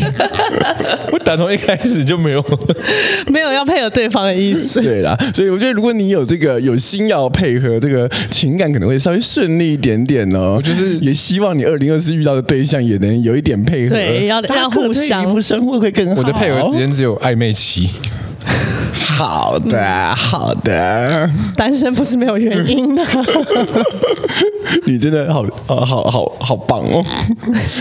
我打從一開始就沒有 [laughs] 沒有要配合對方的意思。 [laughs] 對啦，所以我覺得如果你有這個有心要配合，這個情感可能會稍微順利一點點哦。就是也希望你二零二四遇到的對象也能有一點配合，對，要大家互相互相會不會更好？我的配合時間只有曖昧期。 [laughs] 好的，好的。單身不是沒有原因的。哈哈哈，你真的好，哦，好好好棒哦！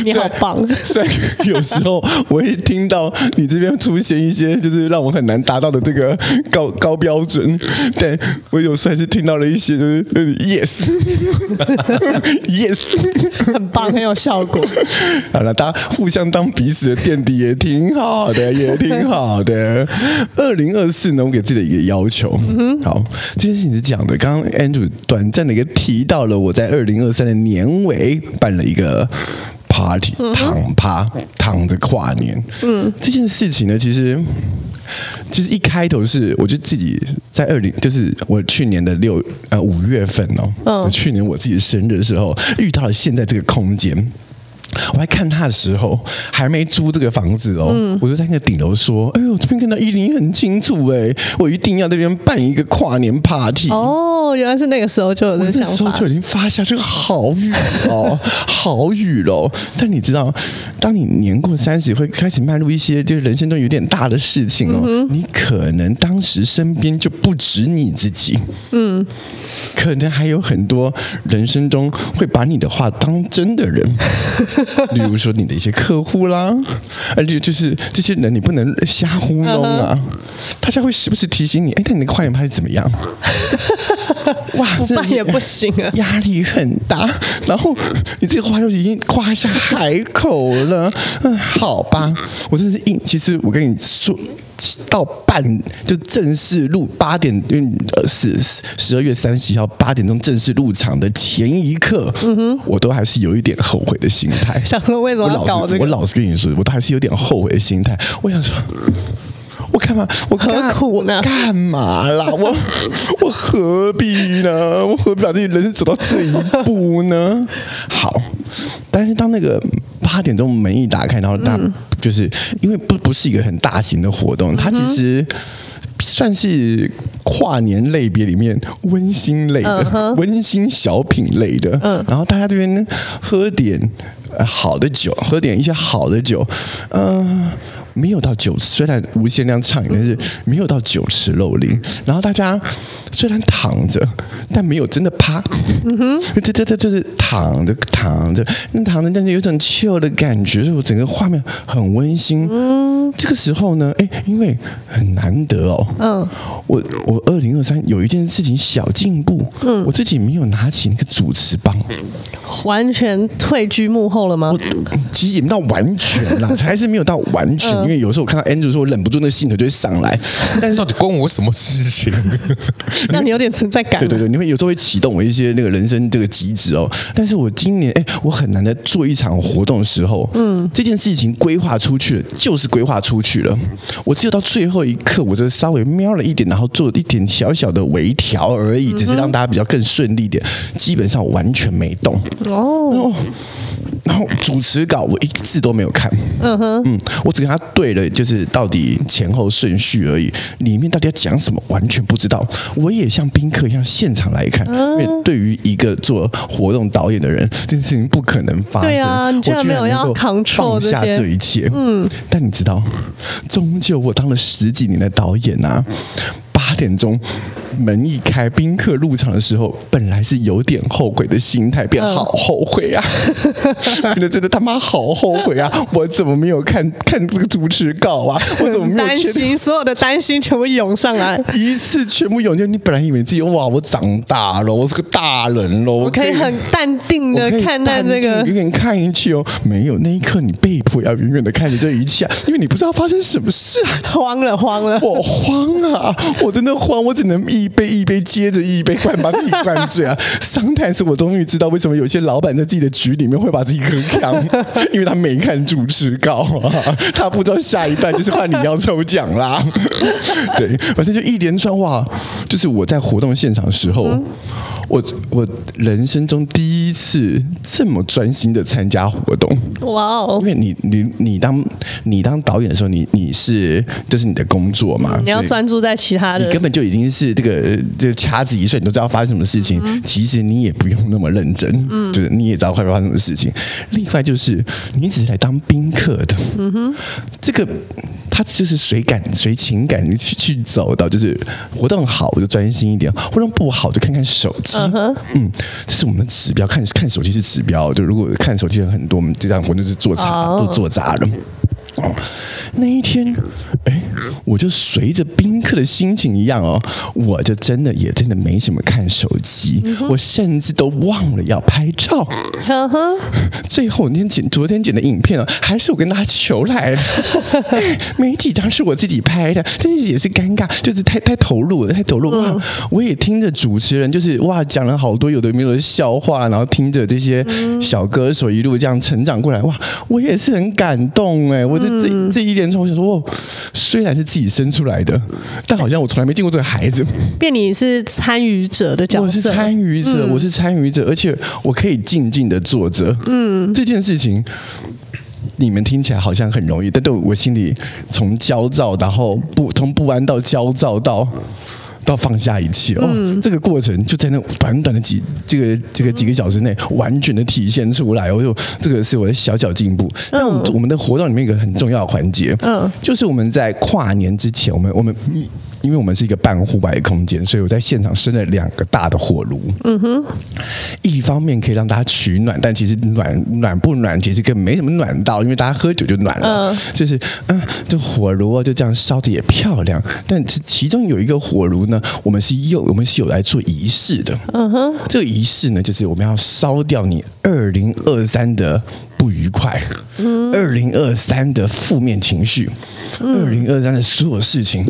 你好棒。雖然有時候我一聽到你這邊出現一些就是讓我很難達到的這個高高標準，但我有時候還是聽到了一些就是 yes [laughs] yes，很棒，很有效果。好了，大家互相當彼此的墊底也挺好的， [laughs] 也挺好的。二零二四呢？我給自己的一個要求、嗯。好，這件事情是這樣的。剛剛 Andrew 短暫的一個提到了，我在二零二三的年尾辦了一個 party，躺、嗯、趴躺着跨年。嗯，這件事情呢，其實其實一開頭是我就自己在二零，就是我去年的六呃五月份哦、嗯，去年我自己生日的時候，遇到了現在這個空間。我來看他的時候，還沒租這個房子哦，嗯、我就在那個頂樓說：“哎呦，這邊看到伊林很清楚哎，我一定要這邊辦一個跨年 party。”哦，原來是那個時候就有人想那時候就已經發下這個好願哦， [laughs] 好願嘍、哦。但你知道，當你年過三十，會開始邁入一些就是人生中有點大的事情哦、嗯，你可能當時身邊就不止你自己，嗯，可能還有很多人生中會把你的話當真的人。 [laughs] 比 [laughs] 如說你的一些客戶啦，而且就是這些人你不能瞎糊弄啊！Uh -huh. 大家會時不時提醒你，哎，那你那個壞人拍的是怎麼樣？ [laughs] [laughs] 哇，不拍也不行啊，壓力很大。然後你這個話就已經誇下海口了，嗯， [laughs] 好吧，我真的是硬。其實我跟你說。到半就正式錄八點，因、呃、為是十二月三十號八點鐘正式入場的前一刻，嗯，我都還是有一點後悔的心態，想說為什麼老是，這個，我老實跟你說，我都還是有點後悔的心態，我想說。我幹嘛？我幹何苦呢？幹嘛啦？ [laughs] 我我何必呢？我何必把自己人生走到這一步呢？ [laughs] 好，但是當那個八點鐘門一打開，然後大就是、嗯、因為不不是一個很大型的活動、嗯，它其實算是跨年類別裡面溫馨類的，嗯、溫馨小品類的、嗯。然後大家這邊喝點好的酒，喝點一些好的酒，嗯、呃。沒有到酒池，雖然無限量暢飲，但是沒有到酒池肉林。然後大家雖然躺着，但沒有真的趴，嗯哼，這這這就是躺着躺着，那躺着但是有一種 chill 的感覺，就整個畫面很溫馨。嗯這個時候呢，哎、欸，因為很難得哦。嗯，我我二零二三有一件事情小進步。嗯，我自己沒有拿起那個主持棒，完全退居幕後了嗎？我其實也沒到完全啦， [laughs] 才還是沒有到完全，嗯。因為有時候我看到 Andrew 說，我忍不住那個心頭就會上來。但是到底關我什麼事情？讓 [laughs] 你，你有點存在感，啊。對對對，你會有時候會啟動我一些那個人生這個機制哦。但是我今年哎、欸，我很難在做一場活動的時候，嗯，這件事情規劃出去了就是規劃。出去了，我只有到最後一刻，我就是稍微瞄了一點，然後做一點小小的微調而已、嗯，只是讓大家比較更順利一點。基本上我完全沒動哦，然，然後主持稿我一字都沒有看，嗯哼，嗯，我只跟他對了，就是到底前後順序而已，裡面到底要講什麼完全不知道。我也像賓客一樣現場來看，嗯、因為對於一個做活動導演的人，這件事情不可能發生，對啊、你居然沒有要 control 一下這一切，嗯，但你知道。終究，我當了十幾年的導演吶。八點鐘，門一開，賓客入場的時候，本來是有點後悔的心態，變好後悔啊！那、嗯、 [laughs] 真的他媽好後悔啊！我怎麼沒有看看那個主持稿啊？我怎麼擔心？所有的擔心全部湧上來，一次全部湧進。你本來以為自己哇，我長大了，我是個大人了，我可以，我可以很淡定的看待這個，有點看進去哦。沒有那一刻，你被迫要遠遠的看着這一切、啊，因為你不知道發生什麼事、啊，慌了，慌了，我慌啊，我。真的慌，我只能一杯一杯接着一杯，快把你灌醉啊！Sometimes 我終於知道為什麼有些老闆在自己的局裡面會把自己喝掛，因為他沒看主持稿啊，他不知道下一代就是換你要抽獎啦。對，反正就一連串話，就是我在活動現場的時候。嗯我我人生中第一次這麼專心的參加活動，哇、wow、哦！因為你你你當你當導演的時候，你你是就是你的工作嘛，嗯，你要專注在其他的，你根本就已經是這個這個掐指一算，你都知道發生什麼事情。嗯，其實你也不用那麼認真，嗯，就是你也知道會、會發生什麼事情。另外就是你只是來當賓客的，嗯哼，這個他就是隨感隨情感去去走到，就是活動好我就專心一點，活動不好就看看手機。嗯，這是我們的指標，看看手機是指標。就如果看手機的人很多，我們這項活動就做差，Oh. 都做砸了。哦，那一天，哎，我就隨着賓客的心情一樣哦，我就真的也真的沒什麼看手機，嗯、我甚至都忘了要拍照，嗯。最後那天剪，昨天剪的影片啊，哦，還是我跟大家求來的， [laughs] 沒幾張是我自己拍的，但是也是尷尬，就是太太投入了，太投入。哇，嗯，我也聽着主持人，就是哇講了好多有的沒有的笑話，然後聽着這些小歌手一路這樣成長過來，哇，我也是很感動哎，欸，我、嗯。嗯、這這一點，我想說、哦，雖然是自己生出來的，但好像我從來沒見過這個孩子，變你是參與者的角色，我是參與者，嗯、我是參與者，而且我可以靜靜的坐着。嗯，這件事情你們聽起來好像很容易，但對我，我心裡從焦躁，然後不從不安到焦躁到。到放下一切哦、嗯，這個過程就在那短短的幾這個這個幾個小時內完全的體現出來、哦。我說這個是我的小小進步。那、嗯、我們的活動裡面一個很重要的環節，嗯，就是我們在跨年之前，我們我們。嗯因為我們是一個半戶外的空間，所以我在現場生了兩個大的火爐。嗯哼，一方面可以讓大家取暖，但其實暖暖不暖，其實根本沒什麼暖到，因為大家喝酒就暖了。嗯、就是嗯，這火爐就這樣燒得也漂亮，但是其中有一個火爐呢，我們是用我們是有來做儀式的。嗯哼，這個儀式呢，就是我們要燒掉你二零二三的不愉快，二零二三的負面情緒，二零二三的所有事情。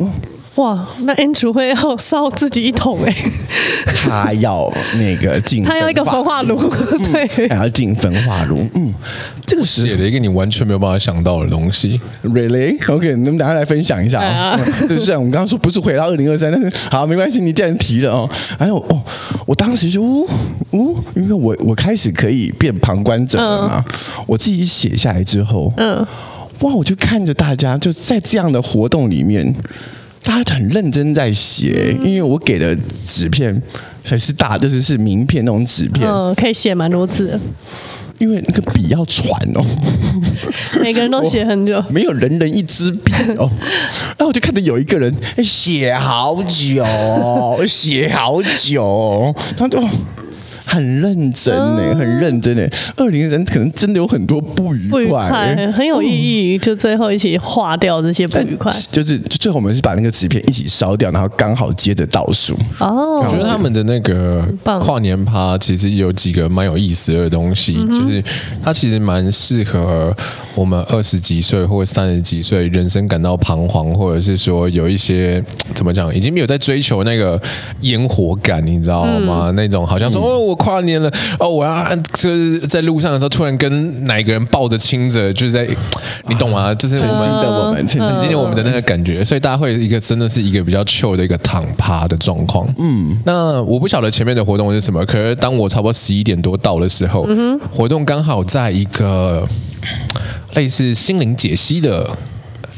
哇，那安德魯要燒自己一桶哎、欸？他要那個進、嗯，他要一個焚化爐，對，嗯、他要進焚化爐。嗯，這個是寫了一個你完全沒有辦法想到的東西，really？OK，okay, 你們等下來分享一下。哎、啊。對、嗯，雖然我們剛剛說，不是回到二零二三，但是好沒關係，你既然提了哦，哎哦，我當時就嗚嗚、哦哦，因為我我開始可以變旁觀者了嘛。嗯、我自己寫下來之後，嗯，哇，我就看着大家就在這樣的活動裡面。大家很認真在寫，因為我給的紙片還是大，就是是名片那種紙片，哦，可以寫蠻多字。因為那個筆要傳哦，每個人都寫很久，沒有人人一支筆哦。 [laughs] 然後我就看到有一個人，寫好久，寫好久哦，他、哦、就。很認真呢、嗯，很認真呢。二零人可能真的有很多不愉快、不愉快，很有意義。嗯、就最後一起化掉這些不愉快，就是就最後我們是把那個紙片一起燒掉，然後剛好接着倒數。哦，我覺得他們的那個跨年趴其實有幾個蠻有意思的東西，嗯、就是它其實蠻適合我們二十幾歲或三十幾歲人生感到彷徨，或者是說有一些怎麼講，已經沒有在追求那個煙火感，你知道嗎？嗯、那種好像說，嗯跨年了哦！我要在、就是、在路上的時候，突然跟哪個人抱着親着，就是在你懂嗎？啊、就是曾經的我們，今天我們的那個感覺、啊，所以大家會有一個真的是一個比較 chill 的一個躺趴的狀況。嗯，那我不曉得前面的活動是什麼，可是當我差不多十一點多到的時候、嗯，活動剛好在一個類似心靈解析的。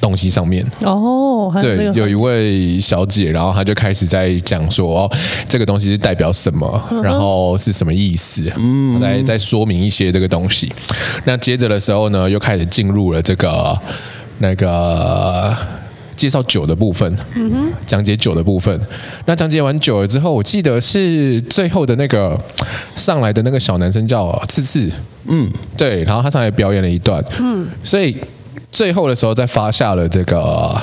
東西上面哦、oh，對，有一位小姐，然後她就開始在講說，哦，這個東西是代表什麼，uh -huh. 然後是什麼意思，嗯、mm -hmm.，我來再說明一些這個東西。那接着的時候呢，又開始進入了這個那個介紹酒的部分，嗯哼，講解酒的部分。那講解完酒了之後，我記得是最後的那個上來的那個小男生叫刺刺，嗯、mm -hmm.，對，然後他上來表演了一段，嗯、mm -hmm.，所以。最後的時候，再發下了這個。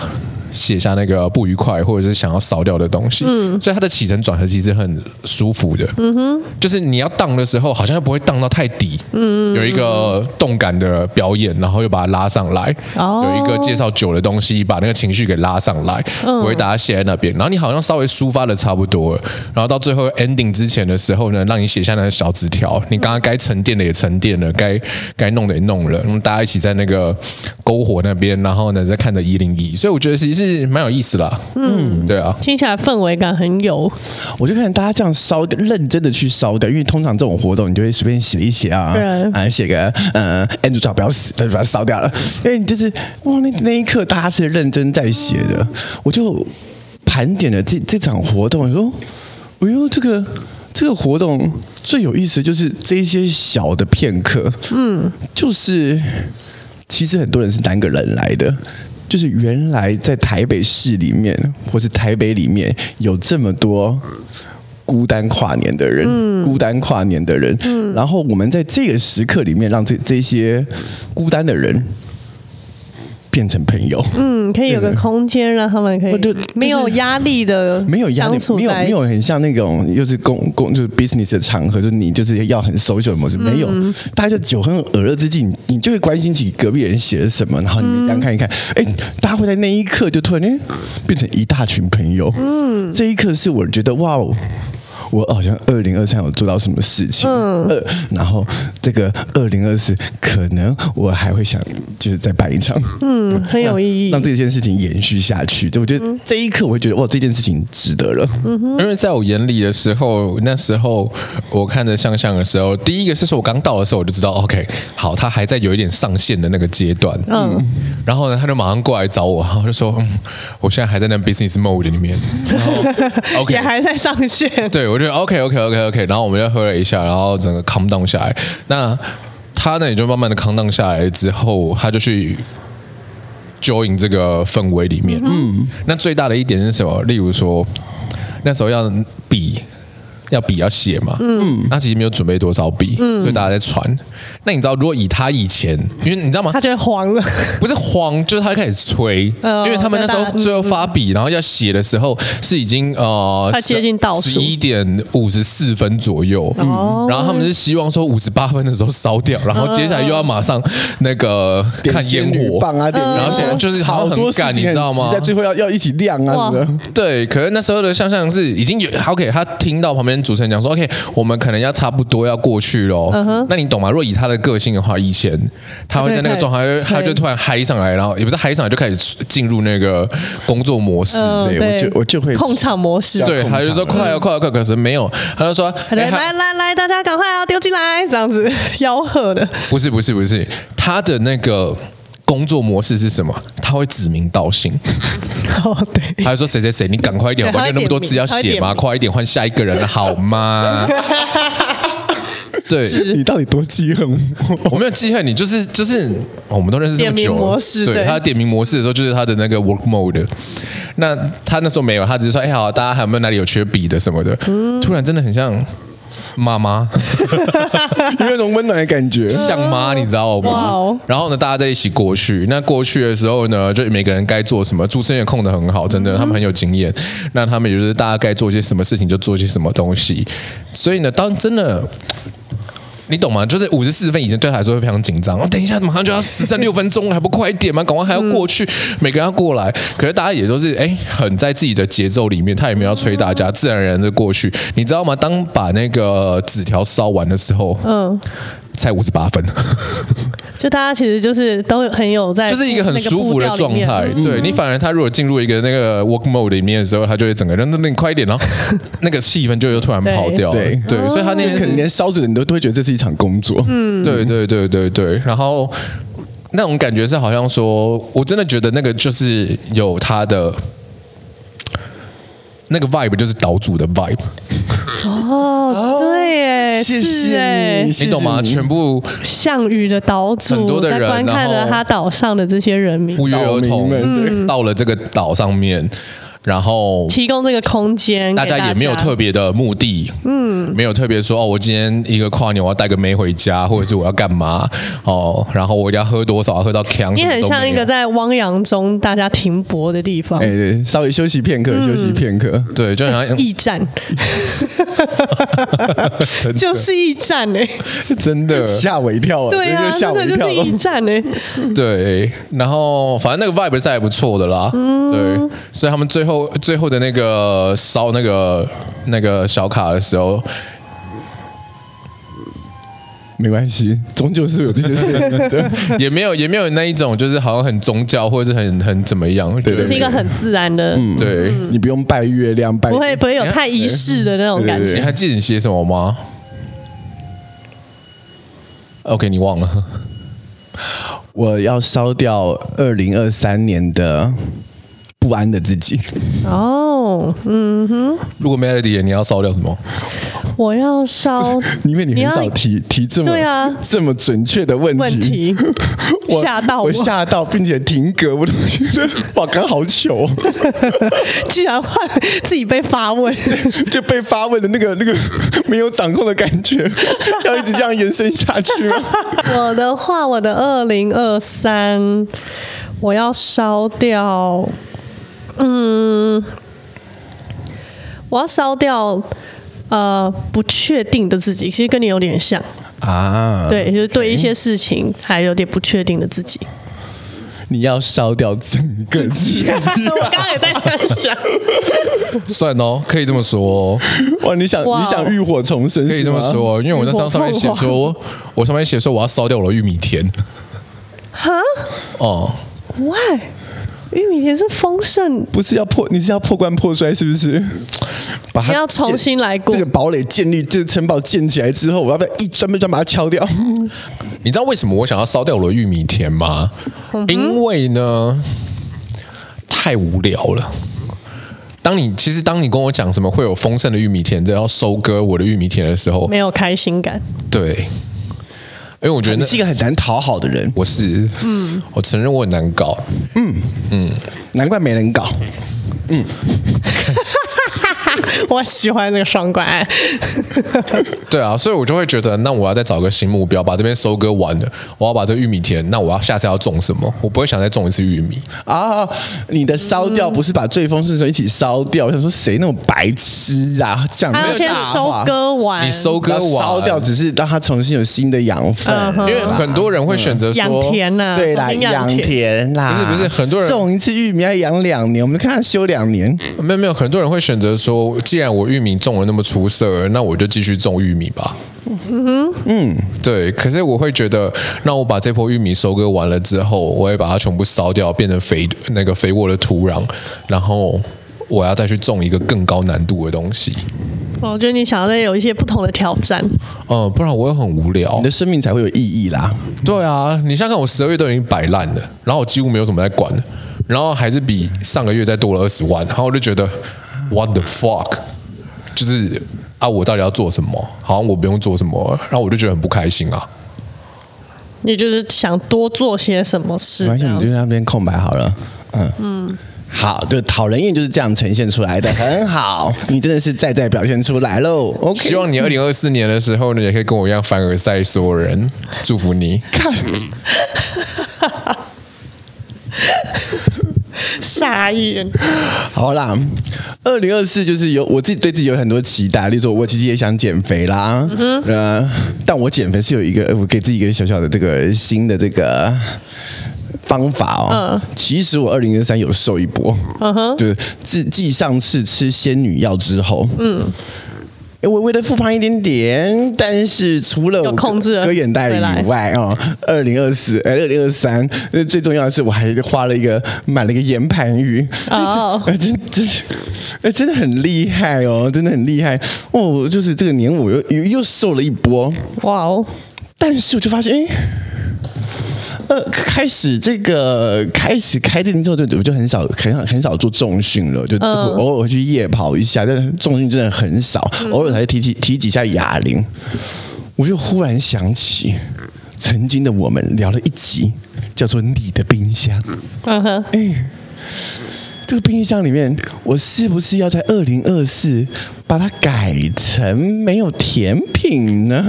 寫下那個不愉快或者是想要燒掉的東西，嗯，所以它的起承轉合其實很舒服的，嗯哼，就是你要盪的時候好像又不會盪到太低，嗯，有一個動感的表演，然後又把它拉上來，哦，有一個介紹酒的東西，把那個情緒給拉上來，嗯，我會把它寫在那邊，然後你好像稍微抒發的差不多了，然後到最後 ending 之前的時候呢，讓你寫下那個小紙條，你剛剛該沉澱的也沉澱了，該該弄的也弄了，嗯，大家一起在那個篝火那邊，然後呢在看着一零一，所以我覺得是。是蠻有意思的，啊，嗯，對啊，聽起來氛圍感很有。我就看大家這樣燒的，認真的去燒掉，因為通常這種活動，你就會隨便寫一寫啊，是啊，寫個嗯、呃、Andrew 不要死，把它燒掉了。因為你就是哇，那那一刻大家是認真在寫的。嗯，我就盤點了這這場活動，你說，哎呦，這個這個活動最有意思就是這一些小的片刻，嗯，就是其實很多人是單個人來的。就是原來在台北市裡面，或是台北裡面有這麼多孤單跨年的人，嗯、孤單跨年的人、嗯，然後我們在這個時刻裡面，讓這這些孤單的人。變成朋友，嗯，可以有個空間讓他們可以沒有壓力的，沒有壓力，處沒有沒有很像那種又是公公就是 business 的場合，就是你就是要很 social 的模式，嗯、沒有大家就酒酣耳熱之際，你就會關心起隔壁人寫了什麼，然後你們這樣看一看，哎、嗯欸，大家會在那一刻就突然間變成一大群朋友，嗯，這一刻是我覺得哇哦。我好像二零二三有做到什麼事情，嗯，然後這個二零二四可能我還會想，就是再辦一場，嗯，很有意義、嗯，讓這件事情延續下去。就我覺得這一刻，我會覺得哇，這件事情值得了，嗯哼。因為在我眼裡的時候，那時候我看着項項的時候，第一個是說我剛到的時候我就知道，OK，好，他還在有一點上線的那個階段，嗯，嗯，然後呢，他就馬上過來找我，然後就說，嗯、我現在還在那 business mode 裡面然後 [laughs] ，OK，也還在上線，對。我我覺得 OK, OK OK OK OK，然後我們就喝了一下，然後整個 calm down 下來。那他呢也就慢慢的 calm down 下來之後，他就去 join 這個氛圍裡面。嗯，那最大的一點是什麼？例如說，那時候要比。要筆要寫嘛，嗯，他其實沒有準備多少筆、嗯，所以大家在傳。那你知道，如果以他以前，因為你知道嗎？他就得慌了，不是慌，就是他開始催、哦，因為他們那時候最後發筆、嗯，然後要寫的時候是已經呃，他接近倒數十一點五十四分左右，嗯、哦，然後他們是希望說五十八分的時候燒掉、嗯，然後接下來又要馬上那個看煙火點棒啊，點然後顯然就是好，很好多感，你知道嗎？在最後要要一起亮啊，對，可是那時候的項項是已經有可以、OK, 他聽到旁邊。主持人講說：“OK，我們可能要差不多要過去了、uh -huh. 那你懂嗎？若以他的個性的話，以前他會在那個狀態，他就，他就突然嗨上來，然後也不是嗨上來，就開始進入那個工作模式。Uh, 對,對,對我就我就會控場模式。對，他就說快要，快要快要快，可是沒有，他就說、欸、來來來，大家趕快要、哦、丟進來，這樣子吆喝的。不是不是不是他的那個。”工作模式是什麼？他會指名道姓哦， [laughs] oh, 對，他就說誰誰誰，你趕快一點好不好，我們那麼多字要寫嘛，快一點換下一個人好嗎？ [laughs] 對，你到底多記恨我？我沒有記恨你、就是，就是就是，我們都認識那麼久了模式對，對，他點名模式的時候，就是他的那個 work mode。那他那時候沒有，他只是說，哎、欸、好、啊，大家還有沒有哪裡有缺筆的什麼的、嗯？突然真的很像。媽媽， [laughs] 有那種溫暖的感覺，像媽，你知道嗎？Wow. 然後呢，大家在一起過去。那過去的時候呢，就每個人該做什麼，主持人也控得很好，真的，他們很有經驗。嗯、那他們也就是大家該做些什麼事情就做些什麼東西。所以呢，當真的。你懂嗎？就是五十四分以前對他來說會非常緊張。啊、等一下馬上就要十三六分鐘了，， [laughs] 還不快一點嗎？趕快還要過去，嗯、每個人要過來。可是大家也都、就是哎，很在自己的節奏裡面，他也沒有要催大家，哦、自然，然而然的過去。你知道嗎？當把那個紙條燒完的時候，嗯。才五十八分，就大家其實就是都很有在， [laughs] 就是一個很舒服的狀態，對。對、嗯、你，反而他如果進入一個那個 work mode 裡面的時候，他就會整個人那你快一點咯、哦， [laughs] 那個氣氛就又突然跑掉。對對，對，對哦、所以他那邊可能連燒紙人都都會覺得這是一場工作。嗯，對對對對對。然後那種感覺是好像說，我真的覺得那個就是有他的那個 vibe，就是島主的 vibe。哦。 [laughs] 對耶，謝謝耶，是耶，你懂嗎？全部項羽的島主，很多人人，觀看，了他島上的這些人民，不約而同，嗯，對，到了這個島上面。然後提供這個空間大，大家也沒有特別的目的，嗯，沒有特別說哦，我今天一個跨年我要帶個妹回家，或者是我要幹嘛哦，然後我要喝多少，喝到強。你很像一個在汪洋中大家停泊的地方，哎、欸，稍微休息片刻、嗯，休息片刻，對，就好像驛 [laughs] 一站 [laughs] [laughs] 真的，就是驛站哎、欸，真的 [laughs] 嚇我一跳了，對啊，就是、嚇我一跳驛、那個、站哎、欸， [laughs] 對，然後反正那個 vibe 也還不錯的啦，嗯，對，所以他們最後。最後的那個燒那個那個小卡的時候，沒關係，終究是有這些事， [laughs] 也沒有也沒有那一種就是好像很宗教或者是很很怎麼樣，對,對,對、就是一個很自然的，嗯、對、嗯，你不用拜月亮，拜月不會不會有太儀式的那種感覺。對對對對對你還記得你寫什麼嗎？OK，你忘了，我要燒掉二零二三年的。不安的自己哦，嗯哼。如果 Melody，你要燒掉什麼？我要燒，因為你很少提提這麼對啊，這麼準確的問題。我嚇到，我嚇到我，嚇到並且停格。我都覺得哇，剛好糗， [laughs] 居然換自己被發問，就被發問的那個那個沒有掌控的感覺， [laughs] 要一直這樣延伸下去嗎？ [laughs] 我的話，我的二零二三，我要燒掉。嗯，我要燒掉呃不確定的自己，其實跟你有點像啊。對，就是對一些事情還有點不確定的自己。啊 okay. 你要燒掉整個世界。 [laughs] 是不是啊、 [laughs] 我剛剛也在這樣想 [laughs] [laughs] 算哦，可以這麼說、哦。哇，你想、wow、你想浴火重生？可以這麼說，因為我那張上，上面寫說，我上面寫說我要燒掉我的玉米田。哈？哦？Why？玉米田是豐盛，不是要破？你是要破罐破摔，是不是？把它，你要重新來過。這個堡壘建立，這個城堡建起來之後，我要不要一磚一磚把它敲掉、嗯？你知道為什麼我想要燒掉我的玉米田嗎？嗯、因為呢，太無聊了。當你其實當你跟我講什麼會有豐盛的玉米田，這要收割我的玉米田的時候，沒有開心感。對。因為我覺得、啊、你是一個很難討好的人，我是，嗯，我承認我很難搞，嗯嗯，難怪沒人搞，嗯。 [laughs] 我喜歡這個雙關。對啊，所以我就會覺得，那我要再找個新目標，把這邊收割完了，我要把這玉米田，那我要下次要種什麼？我不會想再種一次玉米啊、哦！你的燒掉不是把最豐盛時候一起燒掉？嗯、我想說，誰那麼白痴啊？這樣沒有大話，啊、收割完，你收割完燒掉，只是讓它重新有新的養分、嗯。因為很多人會選擇養、嗯、田，對啦，對，來養田啦。不是不是，很多人種一次玉米要養兩年，我們看他休兩年。沒有沒有，很多人會選擇說。既然我玉米種了那麼出色，那我就繼續種玉米吧。嗯哼，嗯，對。可是我會覺得，那我把這波玉米收割完了之後，我會把它全部燒掉，變成肥那個肥沃的土壤，然後我要再去種一個更高難度的東西。我覺得你想要再有一些不同的挑戰。嗯，不然我會很無聊。你的生命才會有意義啦。對啊，你想想看，我十二月都已經擺爛了，然後我幾乎沒有什麼在管，然後還是比上個月再多了二十萬，然後我就覺得。What the fuck？就是啊，我到底要做什麼？好像我不用做什麼，然後我就覺得很不開心啊。你就是想多做些什麼事？沒關係，你就在那邊空白好了。嗯嗯，好，就討人厭就是這樣呈現出來的， [laughs] 很好。你真的是在在表現出來嘍。OK，希望你二零二四年的時候呢，也可以跟我一樣凡爾賽所有人，祝福你。看。 [laughs] [laughs] 傻眼。好啦，二零二四就是有我自己對自己有很多期待，例如說，我其實也想減肥啦。嗯，但我減肥是有一個，我給自己一個小小的這個新的這個方法哦。嗯，其實我二零二三有瘦一波。嗯哼，對，就是，自繼上次吃仙女藥之後。嗯。微微的復胖一點點，但是除了我割眼袋以外啊，二零二四哎，二零二三，2020, 呃、2023, 最重要的是我還花了一個買了一個岩盤浴，啊、oh 呃，真真、呃，真的很厲害哦，真的很厲害哦，就是這個年我又又又瘦了一波，哇、wow、哦，但是我就發現，哎、欸。呃，開始這個開始開店之後就，就我就很少很很少做重訓了，就、呃、偶爾去夜跑一下，但重訓真的很少，嗯、偶爾才提起、提幾下啞鈴。我就忽然想起，曾經的我們聊了一集，叫做《你的冰箱》嗯。嗯哼、欸，這個冰箱裡面，我是不是要在二零二四把它改成沒有甜品呢？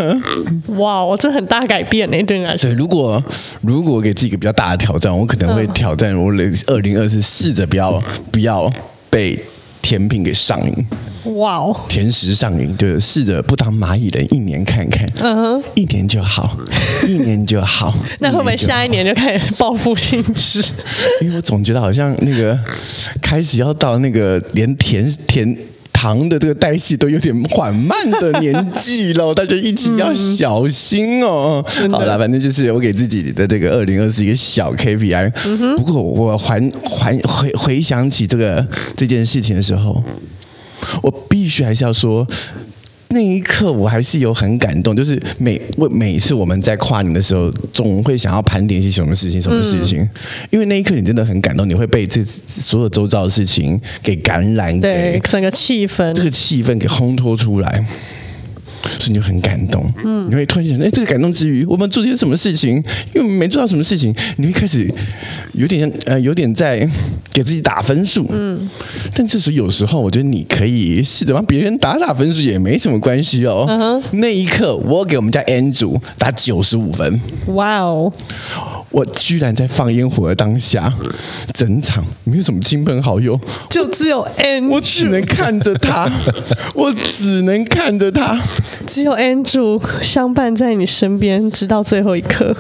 哇、wow，這很大改變呢，對不對？如果如果給自己一個比較大的挑戰，我可能會挑戰我二零二四，試着不要不要被甜品給上癮。哇、wow、哦，甜食上癮，就試着不當螞蟻人，一年看看，嗯、uh、哼 -huh，一年就好，一年就好。 [laughs] 那會不會下一年就開始報復性吃。 [laughs] 因為我總覺得好像那個開始要到那個連甜甜糖的這個代謝都有點緩慢的年紀嘍， [laughs] 大家一起要小心哦。 [laughs] 好啦，反正就是我給自己的這個二零二四一個小 KPI。 [laughs] 不過我還還回回想起這個這件事情的時候我必須還是要說，那一刻我還是有很感動。就是每每每次我們在跨年的時候，總會想要盤點一些什麼事情，什麼事情。嗯。因為那一刻你真的很感動，你會被這所有周遭的事情給感染，對，給整個氣氛，這個氣氛給烘托出來。所以你就很感動，嗯，你會突然想，哎、欸，這個感動之餘，我們做些什麼事情？因為沒做到什麼事情？你會開始有點像，呃，有點在給自己打分數。嗯，但其實有時候，我覺得你可以試着幫別人打打分數，也沒什麼關係哦。嗯，那一刻，我給我們家 a n 組打九十五分。Wow。我居然在放煙火的當下，整場沒有什麼親朋好友，就只有 Andrew。我只能看着他， [laughs] 我只能看着他，只有 Andrew 相伴在你身邊，直到最後一刻。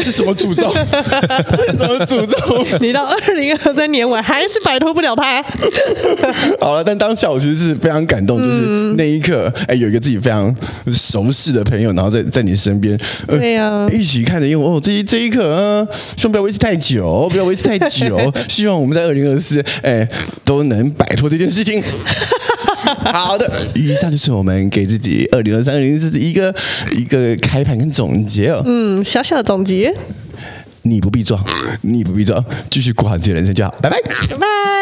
是什麼詛咒？是什麼詛咒？ [laughs] 你到二零二三年，我還是擺脫不了他。 [laughs] 好了，但當下我其實是非常感動，嗯、就是那一刻，哎、欸，有一個自己非常熟悉的朋友，然後在在你身邊、呃，對呀、啊，一起看着，因為哦，這一這一刻啊，希望不要維持太久，不要維持太久， [laughs] 希望我們在二零二四，哎，都能擺脫這件事情。 [laughs] [laughs] 好的，以上就是我們給自己二零二三二零二四一個一個開盤跟總結哦。嗯，小小的總結，你不必裝，你不必裝，繼續過好自己的人生就好。拜拜，拜拜。